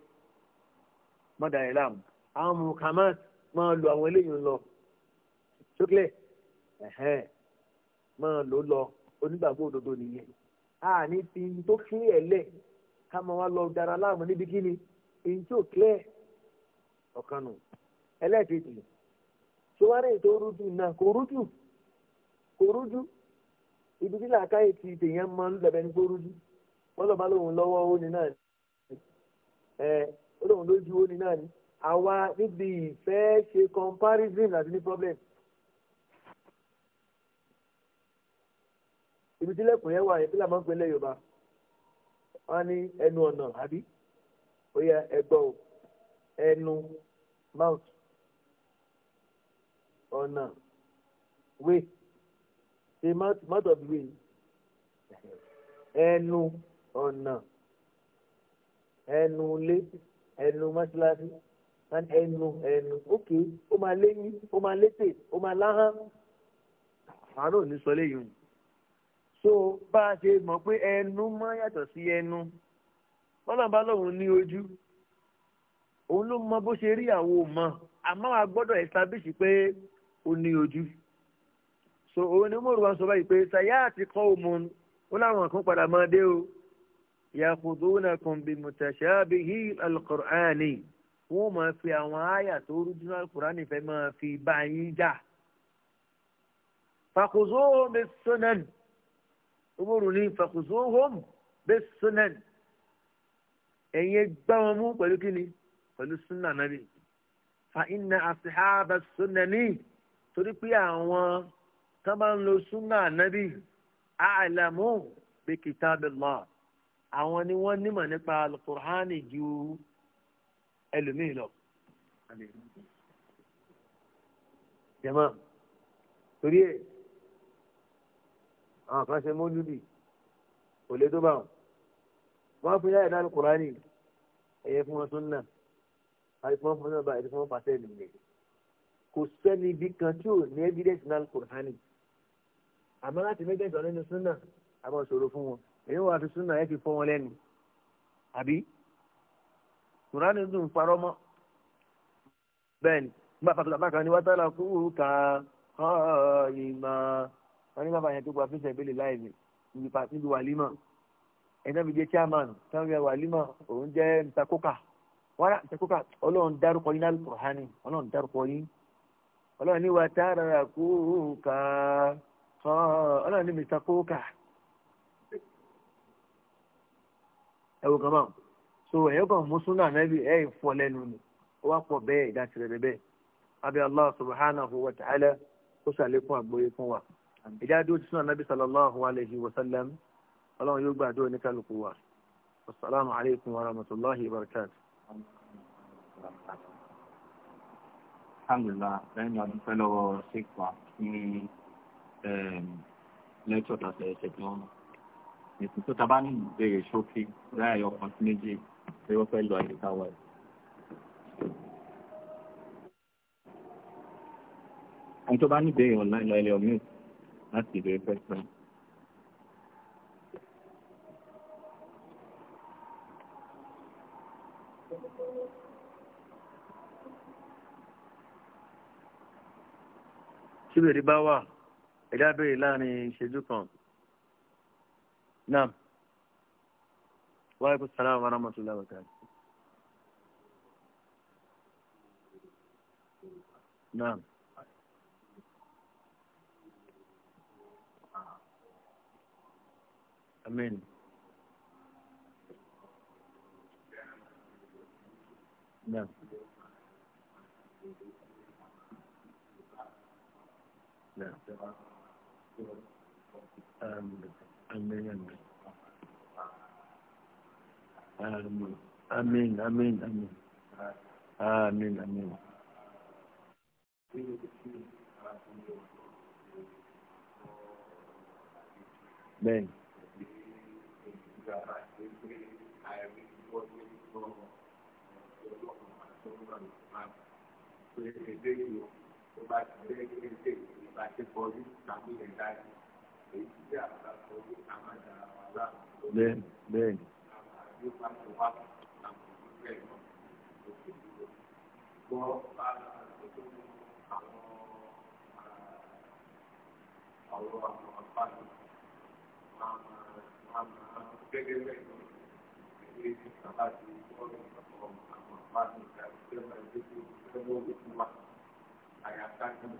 mọ́dà ẹ̀ láàmú àwọn muhammad máa lo àwọn eléyìí lọ ṣókèlè ẹ̀hẹ́n máa lò lọ onígbàgbọ́ òdodo nìyẹn a ní fi tó kílẹ̀ lẹ̀ ká máa wá lọ dára láàmú níbi kíni èyí tó kílẹ̀ ọ̀kan nù ẹlẹ́ẹ̀kejì ṣé wàá rìn tó rújú náà kò rújú kò rújú ibi tí làákàyè ti tèèyàn máa ń lẹ̀bẹ̀ ní gbórúdú wọ́n lọ́ba lóun lọ́wọ́ ó ní náà ni ó lóun lójú ó ní náà ni àwa níbi ìfẹ́ ṣe comparison àti ní problem. ibi tí lẹ́kùn yẹn wà yẹn tí làmọ́ ń yorùbá wọ́n ní ẹnu ọ̀nà àbí ó yẹ ẹnu mouth ọ̀nà wait. ṣe mouth of the way ẹnu ọ̀nà ẹnu lé ẹnu mọ́ṣáláṣí ẹnu ẹnu ókè ó máa léyìn ó máa létè ó máa láhán àárò ní sọ léyìn so bá a ṣe mọ̀ pé ẹnu máa yàtọ̀ sí ẹnu bọ́lá bá lóun ní ojú òun ló mọ bó ṣe rí àwọn mọ àmọ́ a gbọ́dọ̀ establish pé ó ní ojú so òun ni mòrùwà sọ báyìí pé tàyà àti kọ́ òmùn ó láwọn kan padà máa dé o yàkùdúnàkùn bí mutashabihi alqur'ani wọ́n máa fi àwọn àyà tó rújú náà alqur'ani fẹ́ máa fi bá yín jà fàkùzóhùn bí sunan umaru ní fàkùzóhùn bí sunan ẹ̀yin gbá wọn mú pẹ̀lú kíni pẹ̀lú sunna nàbì fa inna asihaba sunani torí pé àwọn tó bá ń lo súnà ànábì àìlàmú bí kitabillah àwọn ni wọ́n nímọ̀ nípa alukur'ani ju ẹlòmíì lọ. jẹ́mọ́ torí ẹ̀ àwọn kan ṣe mọ́lúdì kò lè tó bá wọn. wọ́n fi láyé dá alukur'ani ẹ̀yẹ fún wọn súnà àti fún wọn fún pàṣẹ nìyẹn. kò sẹ́ni ibi kan tí ò ní evidence náà alukur'ani àmọ́ láti méjèèjì nínú súnà àbọ̀ ṣòro fún wọn èyí wà fi súnà ẹ fi fọ́ wọn lẹ́nu àbí kùránì dùn parọ́ mọ́ bẹ́ẹ̀ ni nígbà pàtàkì àbákan ni wọ́n tẹ́lẹ̀ kúrú ká ọ́ ìmọ̀ wọn ní bàbá yẹn tó gba fíṣẹ̀ ìbílẹ̀ láì ní wàlímọ̀ ẹ̀dá mi jẹ́ chairman táwọn yẹn wàlímọ̀ òun jẹ́ ntakókà wọ́n rà ọlọ́run dárúkọ yín lálùkùránì ọlọ́run dárúkọ yín ọlọ́run ní wàá tààrà kúrú ká ọlọ́run ní mr kókà ẹ̀wọ̀n kan so ẹ̀yọ́ kan mú súnà nẹ́bí ẹ̀ fọ́ lẹ́nu ni ó wá pọ̀ bẹ́ẹ̀ ìdásílẹ̀ bẹ́ẹ̀ abẹ́ allah subhanahu wa ta'ala ó ṣàlékún àgbóyé fún wa ìdádúró ti súnà nẹ́bí sallallahu alayhi wa sallam ọlọ́run yóò gbàdúrà ní kálukú wa wasalaamu alaykum wa rahmatulahi wa barakatuh. alhamdulilah lẹ́yìn ọdún pẹ́ lọ́wọ́ ṣèkwa ní lẹ́tọ̀ tàbí ẹ̀ṣẹ̀ tí wọ́n mọ̀. ètò tó ta bá ní ìbéèrè ṣókí láàyè ọkàn sí méjì pé wọ́n fẹ́ lọ àyíká wa yìí. tó bá ní ìbéèrè ọ̀nà ilẹ̀ ọ̀mí láti ìbéèrè pẹ́sẹ̀. tí bèrè bá wà. إلى بي لاني شدوكم نعم وعليكم السلام ورحمة الله وبركاته نعم أمين نعم نعم Amin, amin. Amin, amin, amin. Amin, amin. Bẹ́ẹ̀ni. Thank you ìbàṣepọ̀rí tàbí ẹ̀dá èyí tí ah, àgbà kọrí àmàdàrà wà láàbò. bẹ́ẹ̀ bẹ́ẹ̀. àwọn àgbẹ̀wò àti wà àwọn ìgbẹ́ ìmọ̀ òkè dúró. gbọ́ àwọn ọ̀rọ̀ àwọn àpáàdé máa máa gẹ́gẹ́ bẹ́ẹ̀ lọ ilé ti kọ́rin àwọn àpáàdé ìgbà tí wọ́n àyàká nínú.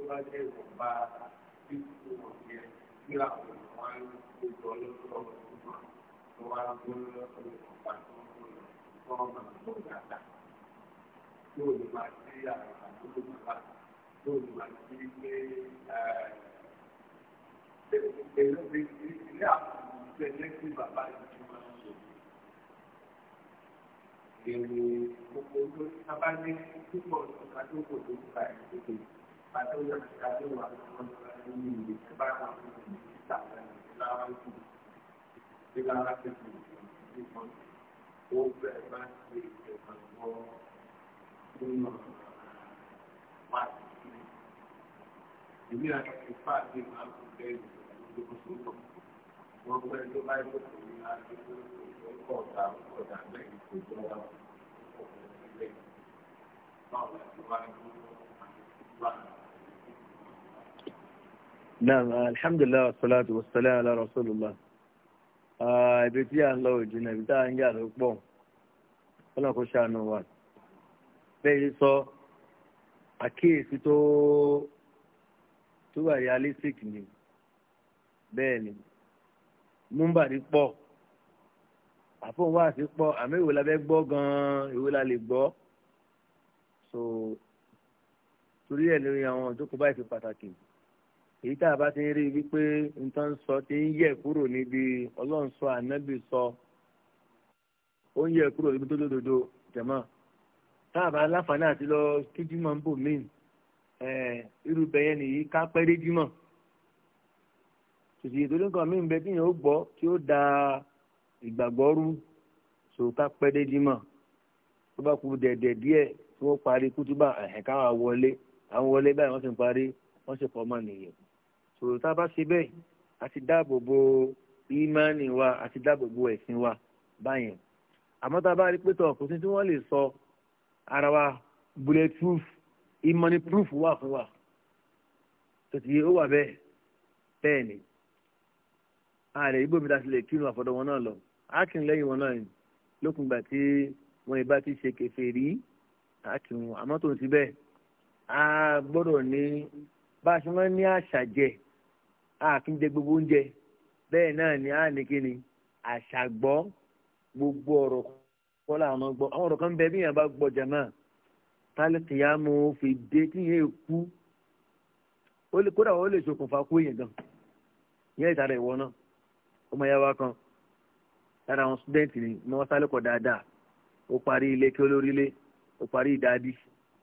tó bá jẹ́ ìwọ̀nba tí kò wọ̀ yẹ kí àwọn èèyàn wá ń gbèjọ lọ́sọ̀rọ̀ lọ́sọ̀rọ̀ tó wá ń gbé lọ́sọ̀rọ̀ ìwọ̀nba tó ń gbé lọ́sọ̀rọ̀ tó ń gbà tó dàda tó lè máa sí àwọn àdúgbò bàbá tó lè máa sí pé pẹ̀lú ilé àkùnrin ẹlẹ́sìn bàbá yìí máa ń lò. Èrò gbogbo ló ń sábà ní púpọ̀ ìgbàdókòó ló ń gba ìdíje. Ìbí àti ìfá àti ìmọ̀ àti ìfẹ́ ìdókòsókò. Wọ́n pẹ́ tó bá ìdókòsókò ní àti ìdókòsókò ọ̀tá ọ̀tá lẹ́yìn ìdókòsókò ọ̀tá lẹ́yìn. Báwo la ti wá ní? Naam, alhamdulillah, salatu wa salam ala rasulullah. Ah, ibi tí a ń lọ ìjìnà ibi táa ń yà ló pọ̀, ọlọ́run kó ṣàánú wa. Bẹ́ẹ̀ sọ, àkíyèsí tó tó wà realistic ni, bẹ́ẹ̀ ni, múmbàrí pọ̀, àfọwọ́sí pọ̀, àmì ìwé la fẹ́ gbọ́ gan-an, la lè gbọ́. So, torí ẹ̀ lórí àwọn ìjókòó báyìí fi pàtàkì. èyí tá a bá ti rí wípé nǹkan ń sọ ti ń yẹ kúrò níbi ọlọ́run sọ ànábì sọ ó ń yẹ kúrò níbi tó lódodo jẹ̀mọ́ tá a bá láǹfààní àti lọ kíjímọ̀ ń bò míì irú bẹ̀yẹn nìyí ká pẹ́ dé jímọ̀ tòsí nǹkan míì ń bẹ tíyẹn ó gbọ́ tí ó da ìgbàgbọ́ rú sò ká pẹ́ dé jímọ̀ tó bá kú dẹ̀dẹ̀ díẹ̀ tí wọ́n parí kútúbà ẹ̀ka wà wọlé àwọn wọlé báyìí wọ́n sì ń parí wọ́n sì pọ̀ mọ́ nìyẹn. sòrò tá a bá ṣe bẹ́ẹ̀ a ti dáàbò bo ìmánì wa a ti dáàbò bo ẹ̀sìn wa báyẹn àmọ́ tá a bá rí pé tọ̀ kò sí tí wọ́n lè sọ ara wa bullet proof ìmánì proof wà fún wa tòtí yé ó wà bẹ́ẹ̀ bẹ́ẹ̀ ni ààrẹ ibo mi ta ti lè kírun àfọ̀dọ̀ wọn náà lọ ákìn lẹ́yìn wọn náà lókun gbà tí wọn ìbá ti ṣe kèfèrí ákìn wọn àmọ́ tó ti bẹ́ẹ̀ a gbọ́dọ̀ ní bá a ṣe wọ́n ní àṣà jẹ́ àfi jẹ gbogbo oúnjẹ bẹ́ẹ̀ náà ni a ní kíni àṣàgbọ́ gbogbo ọ̀rọ̀ kọ́ làwọn gbọ́ àwọn ọ̀rọ̀ kan bẹ bí yẹn bá gbọ́ jẹ̀mọ́ tálíkì yá mo fi dé tí yẹn kú kódà ó lè ṣokùnfà kú èèyàn gan yẹn ìtara ìwọ náà ọmọ yàrá wa kan lára àwọn student ni ni wọ́n sálẹ̀ kọ́ dáadáa ó parí ilé kí olórí ilé ó parí ìdádì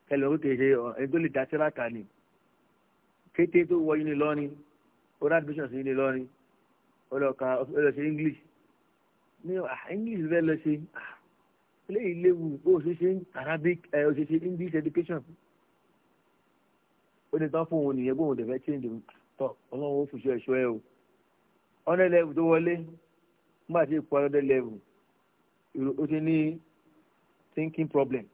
kẹlẹ́ ó kèé ẹni tó lè dá síráàkà ni kété tó wọ yín ni lọ́ni ó rán admission sí ilé lọ́rin ó lọ kan ó english ní ah, english fẹ́ lọ ṣe ah, eléyìí léwu ó ṣe ṣe arabic ẹ eh, ó ṣe ṣe english education ó ní tán fún òun nìyẹn bóun dẹ̀fẹ́ change tọ ọlọ́run ó fìṣọ ẹ̀ṣọ́ ẹ o ọ̀nà level tó wọlé nígbà tí èkó ọ̀nà level ó ti ní thinking problem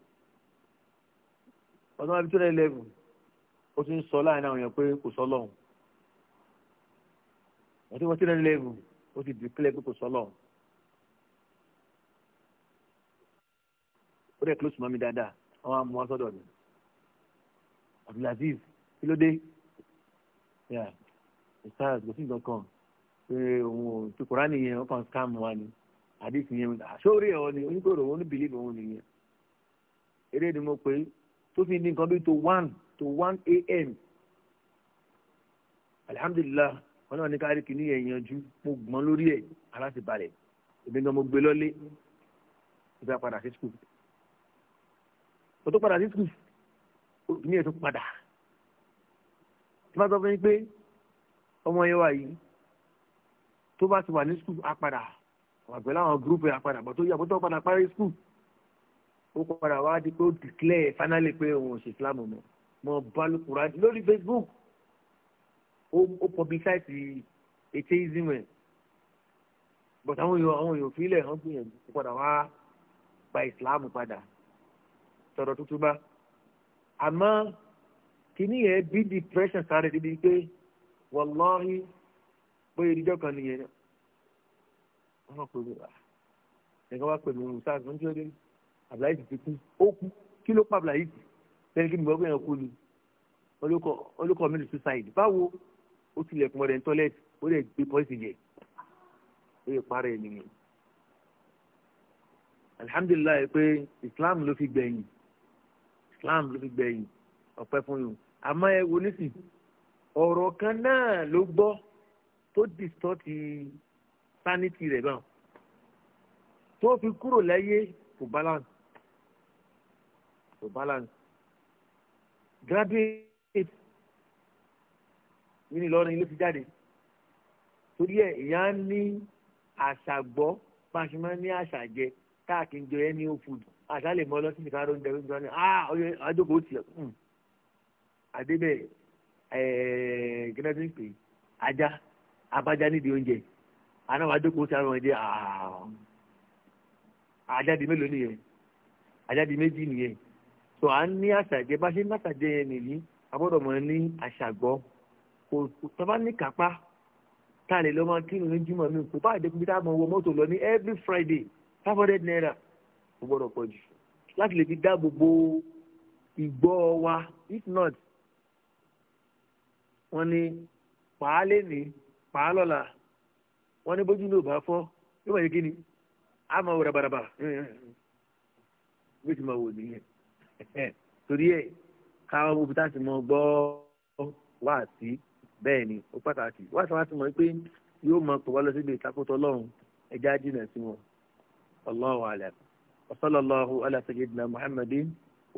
ọ̀nà àbí tó level ó ti ń sọ láàrin àwọn èèyàn pé kò sọ lọ́hùn àti wọ́n ti rẹ́ lẹ́rù ó ti dìklẹ́ pé kò sọ́lọ̀ ó dẹ̀ close mọ́ mi dáadáa àwọn amú wa sọ́dọ̀ mi abdulaziz kí ló dé stars kò sí nǹkan kan pé òun ò ti kúránì yẹn ó kàn scam wa ni àdìsí yẹn sórí ẹ̀ ni oníkòrò òun ní bìlíìfù òun nìyẹn eré ni mo pè é tó fi ní nǹkan bí to one to one a.m. alihamdulilayi ọlọ́run ní kárí kìíní yẹn yanjú mo gbọ́n lórí ẹ̀ ara ti balẹ̀ èmi gan mo gbé lọ́lé ìgbà padà sí skul mo tó padà sí skul kìíní yẹn tó padà tí wọ́n sọ fún mi pé ọmọ yẹn wà yìí tó bá ti wà ní skul apadà wà pẹ̀lú àwọn gúrúùpù apadà bọ̀ tó yà bó padà parí skul ó padà wá di pé ó dìklẹ̀ fánálì pé òun ò ṣe islam mọ́ mo bá lùkùrá facebook ó publicize atheism ẹ̀ but àwọn èèyàn àwọn èèyàn fílẹ̀ wọ́n gbìyànjú kó padà wá gba ìsìláàmù padà sọ̀rọ̀ tuntun bá àmọ́ kìíní yẹn bí depression sáré débi pé wàláhí bóyá ìdíjọ́ kan nìyẹn wọ́n pè mí ah, ẹ̀ka wá pè mí òun sáà fún jọ́dé àbúláyé ti kú ó kú kí ló pa àbúláyé ti lẹ́yìn kí mi gbọ́ pé kú ni olùkọ́ mi lè suicide báwo ó tilẹ̀kùn mọ́ rẹ̀ ní tọ́lẹ̀tì ó lè gbé pọ́ìsì jẹ ó lè parẹ́ ènìyàn alihamdulilayi pé islam ló fi gbẹ̀yìn islam ló fi gbẹ̀yìn ọpẹ́ fún yòó àmọ́ ẹ wo nísì ọ̀rọ̀ kan náà ló gbọ́ tó dìstọ́tì sanity rẹ̀ náà tó fi kúrò láyé kò balance kò balance graduate nínú ìlọrin ló ti jáde torí ẹ èèyàn ní àṣà gbọ́ pàṣẹ máa ń ní àṣà jẹ káàkiri jọ ẹ ní òfin àṣà lè mọ ọlọ́sìn nìkan ló ń dẹrù jọ ní ọyọ àdókòó tiẹ̀ àdébẹ̀ gẹ́gẹ́ pé ajá abájá nídìí oúnjẹ àná wàá dókòó sí àwọn ọjẹ́ ah, ajá di mélòó nìyẹn ajá di méjì nìyẹn tó à ń ní àṣà jẹ bá ṣe ń bá àṣà jẹ yẹn nìyí a gbọ́dọ̀ mọ̀ ní àṣà gbọ́ tọ́ba ní kápá tá a lè lọ́mọ kírun ní jùmọ̀ mi kò bá àdékùnbí tá a mọ̀ wọ mọ́tò lọ ní every friday five hundred naira kò gbọ́dọ̀ pọ̀ jù láti lè fi dáàbò bo ìgbọ́ wa if not wọ́n ní pàá lé ní pàá lọ́la wọ́n ní bójú ní ò bá fọ́ yóò wáyé kí ni a máa wò rabaraba bí o ti máa wò nìyẹn torí ẹ káwọn òbí tá a sì mọ gbọ́ wá sí i bẹ́ẹ̀ ni ó pàtàkì wá sí wá sí mọ̀ pé yóò mọ pọ̀ wá lọ síbi ìtakùtọ̀ ọlọ́run ẹja jìnà sí wọn Allahu a'lam wa sallallahu ala sayyidina Muhammadin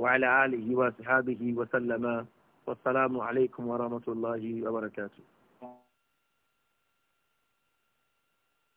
wa ala alihi wa sahbihi wa sallama wassalamu alaikum wa rahmatullahi wa barakatuh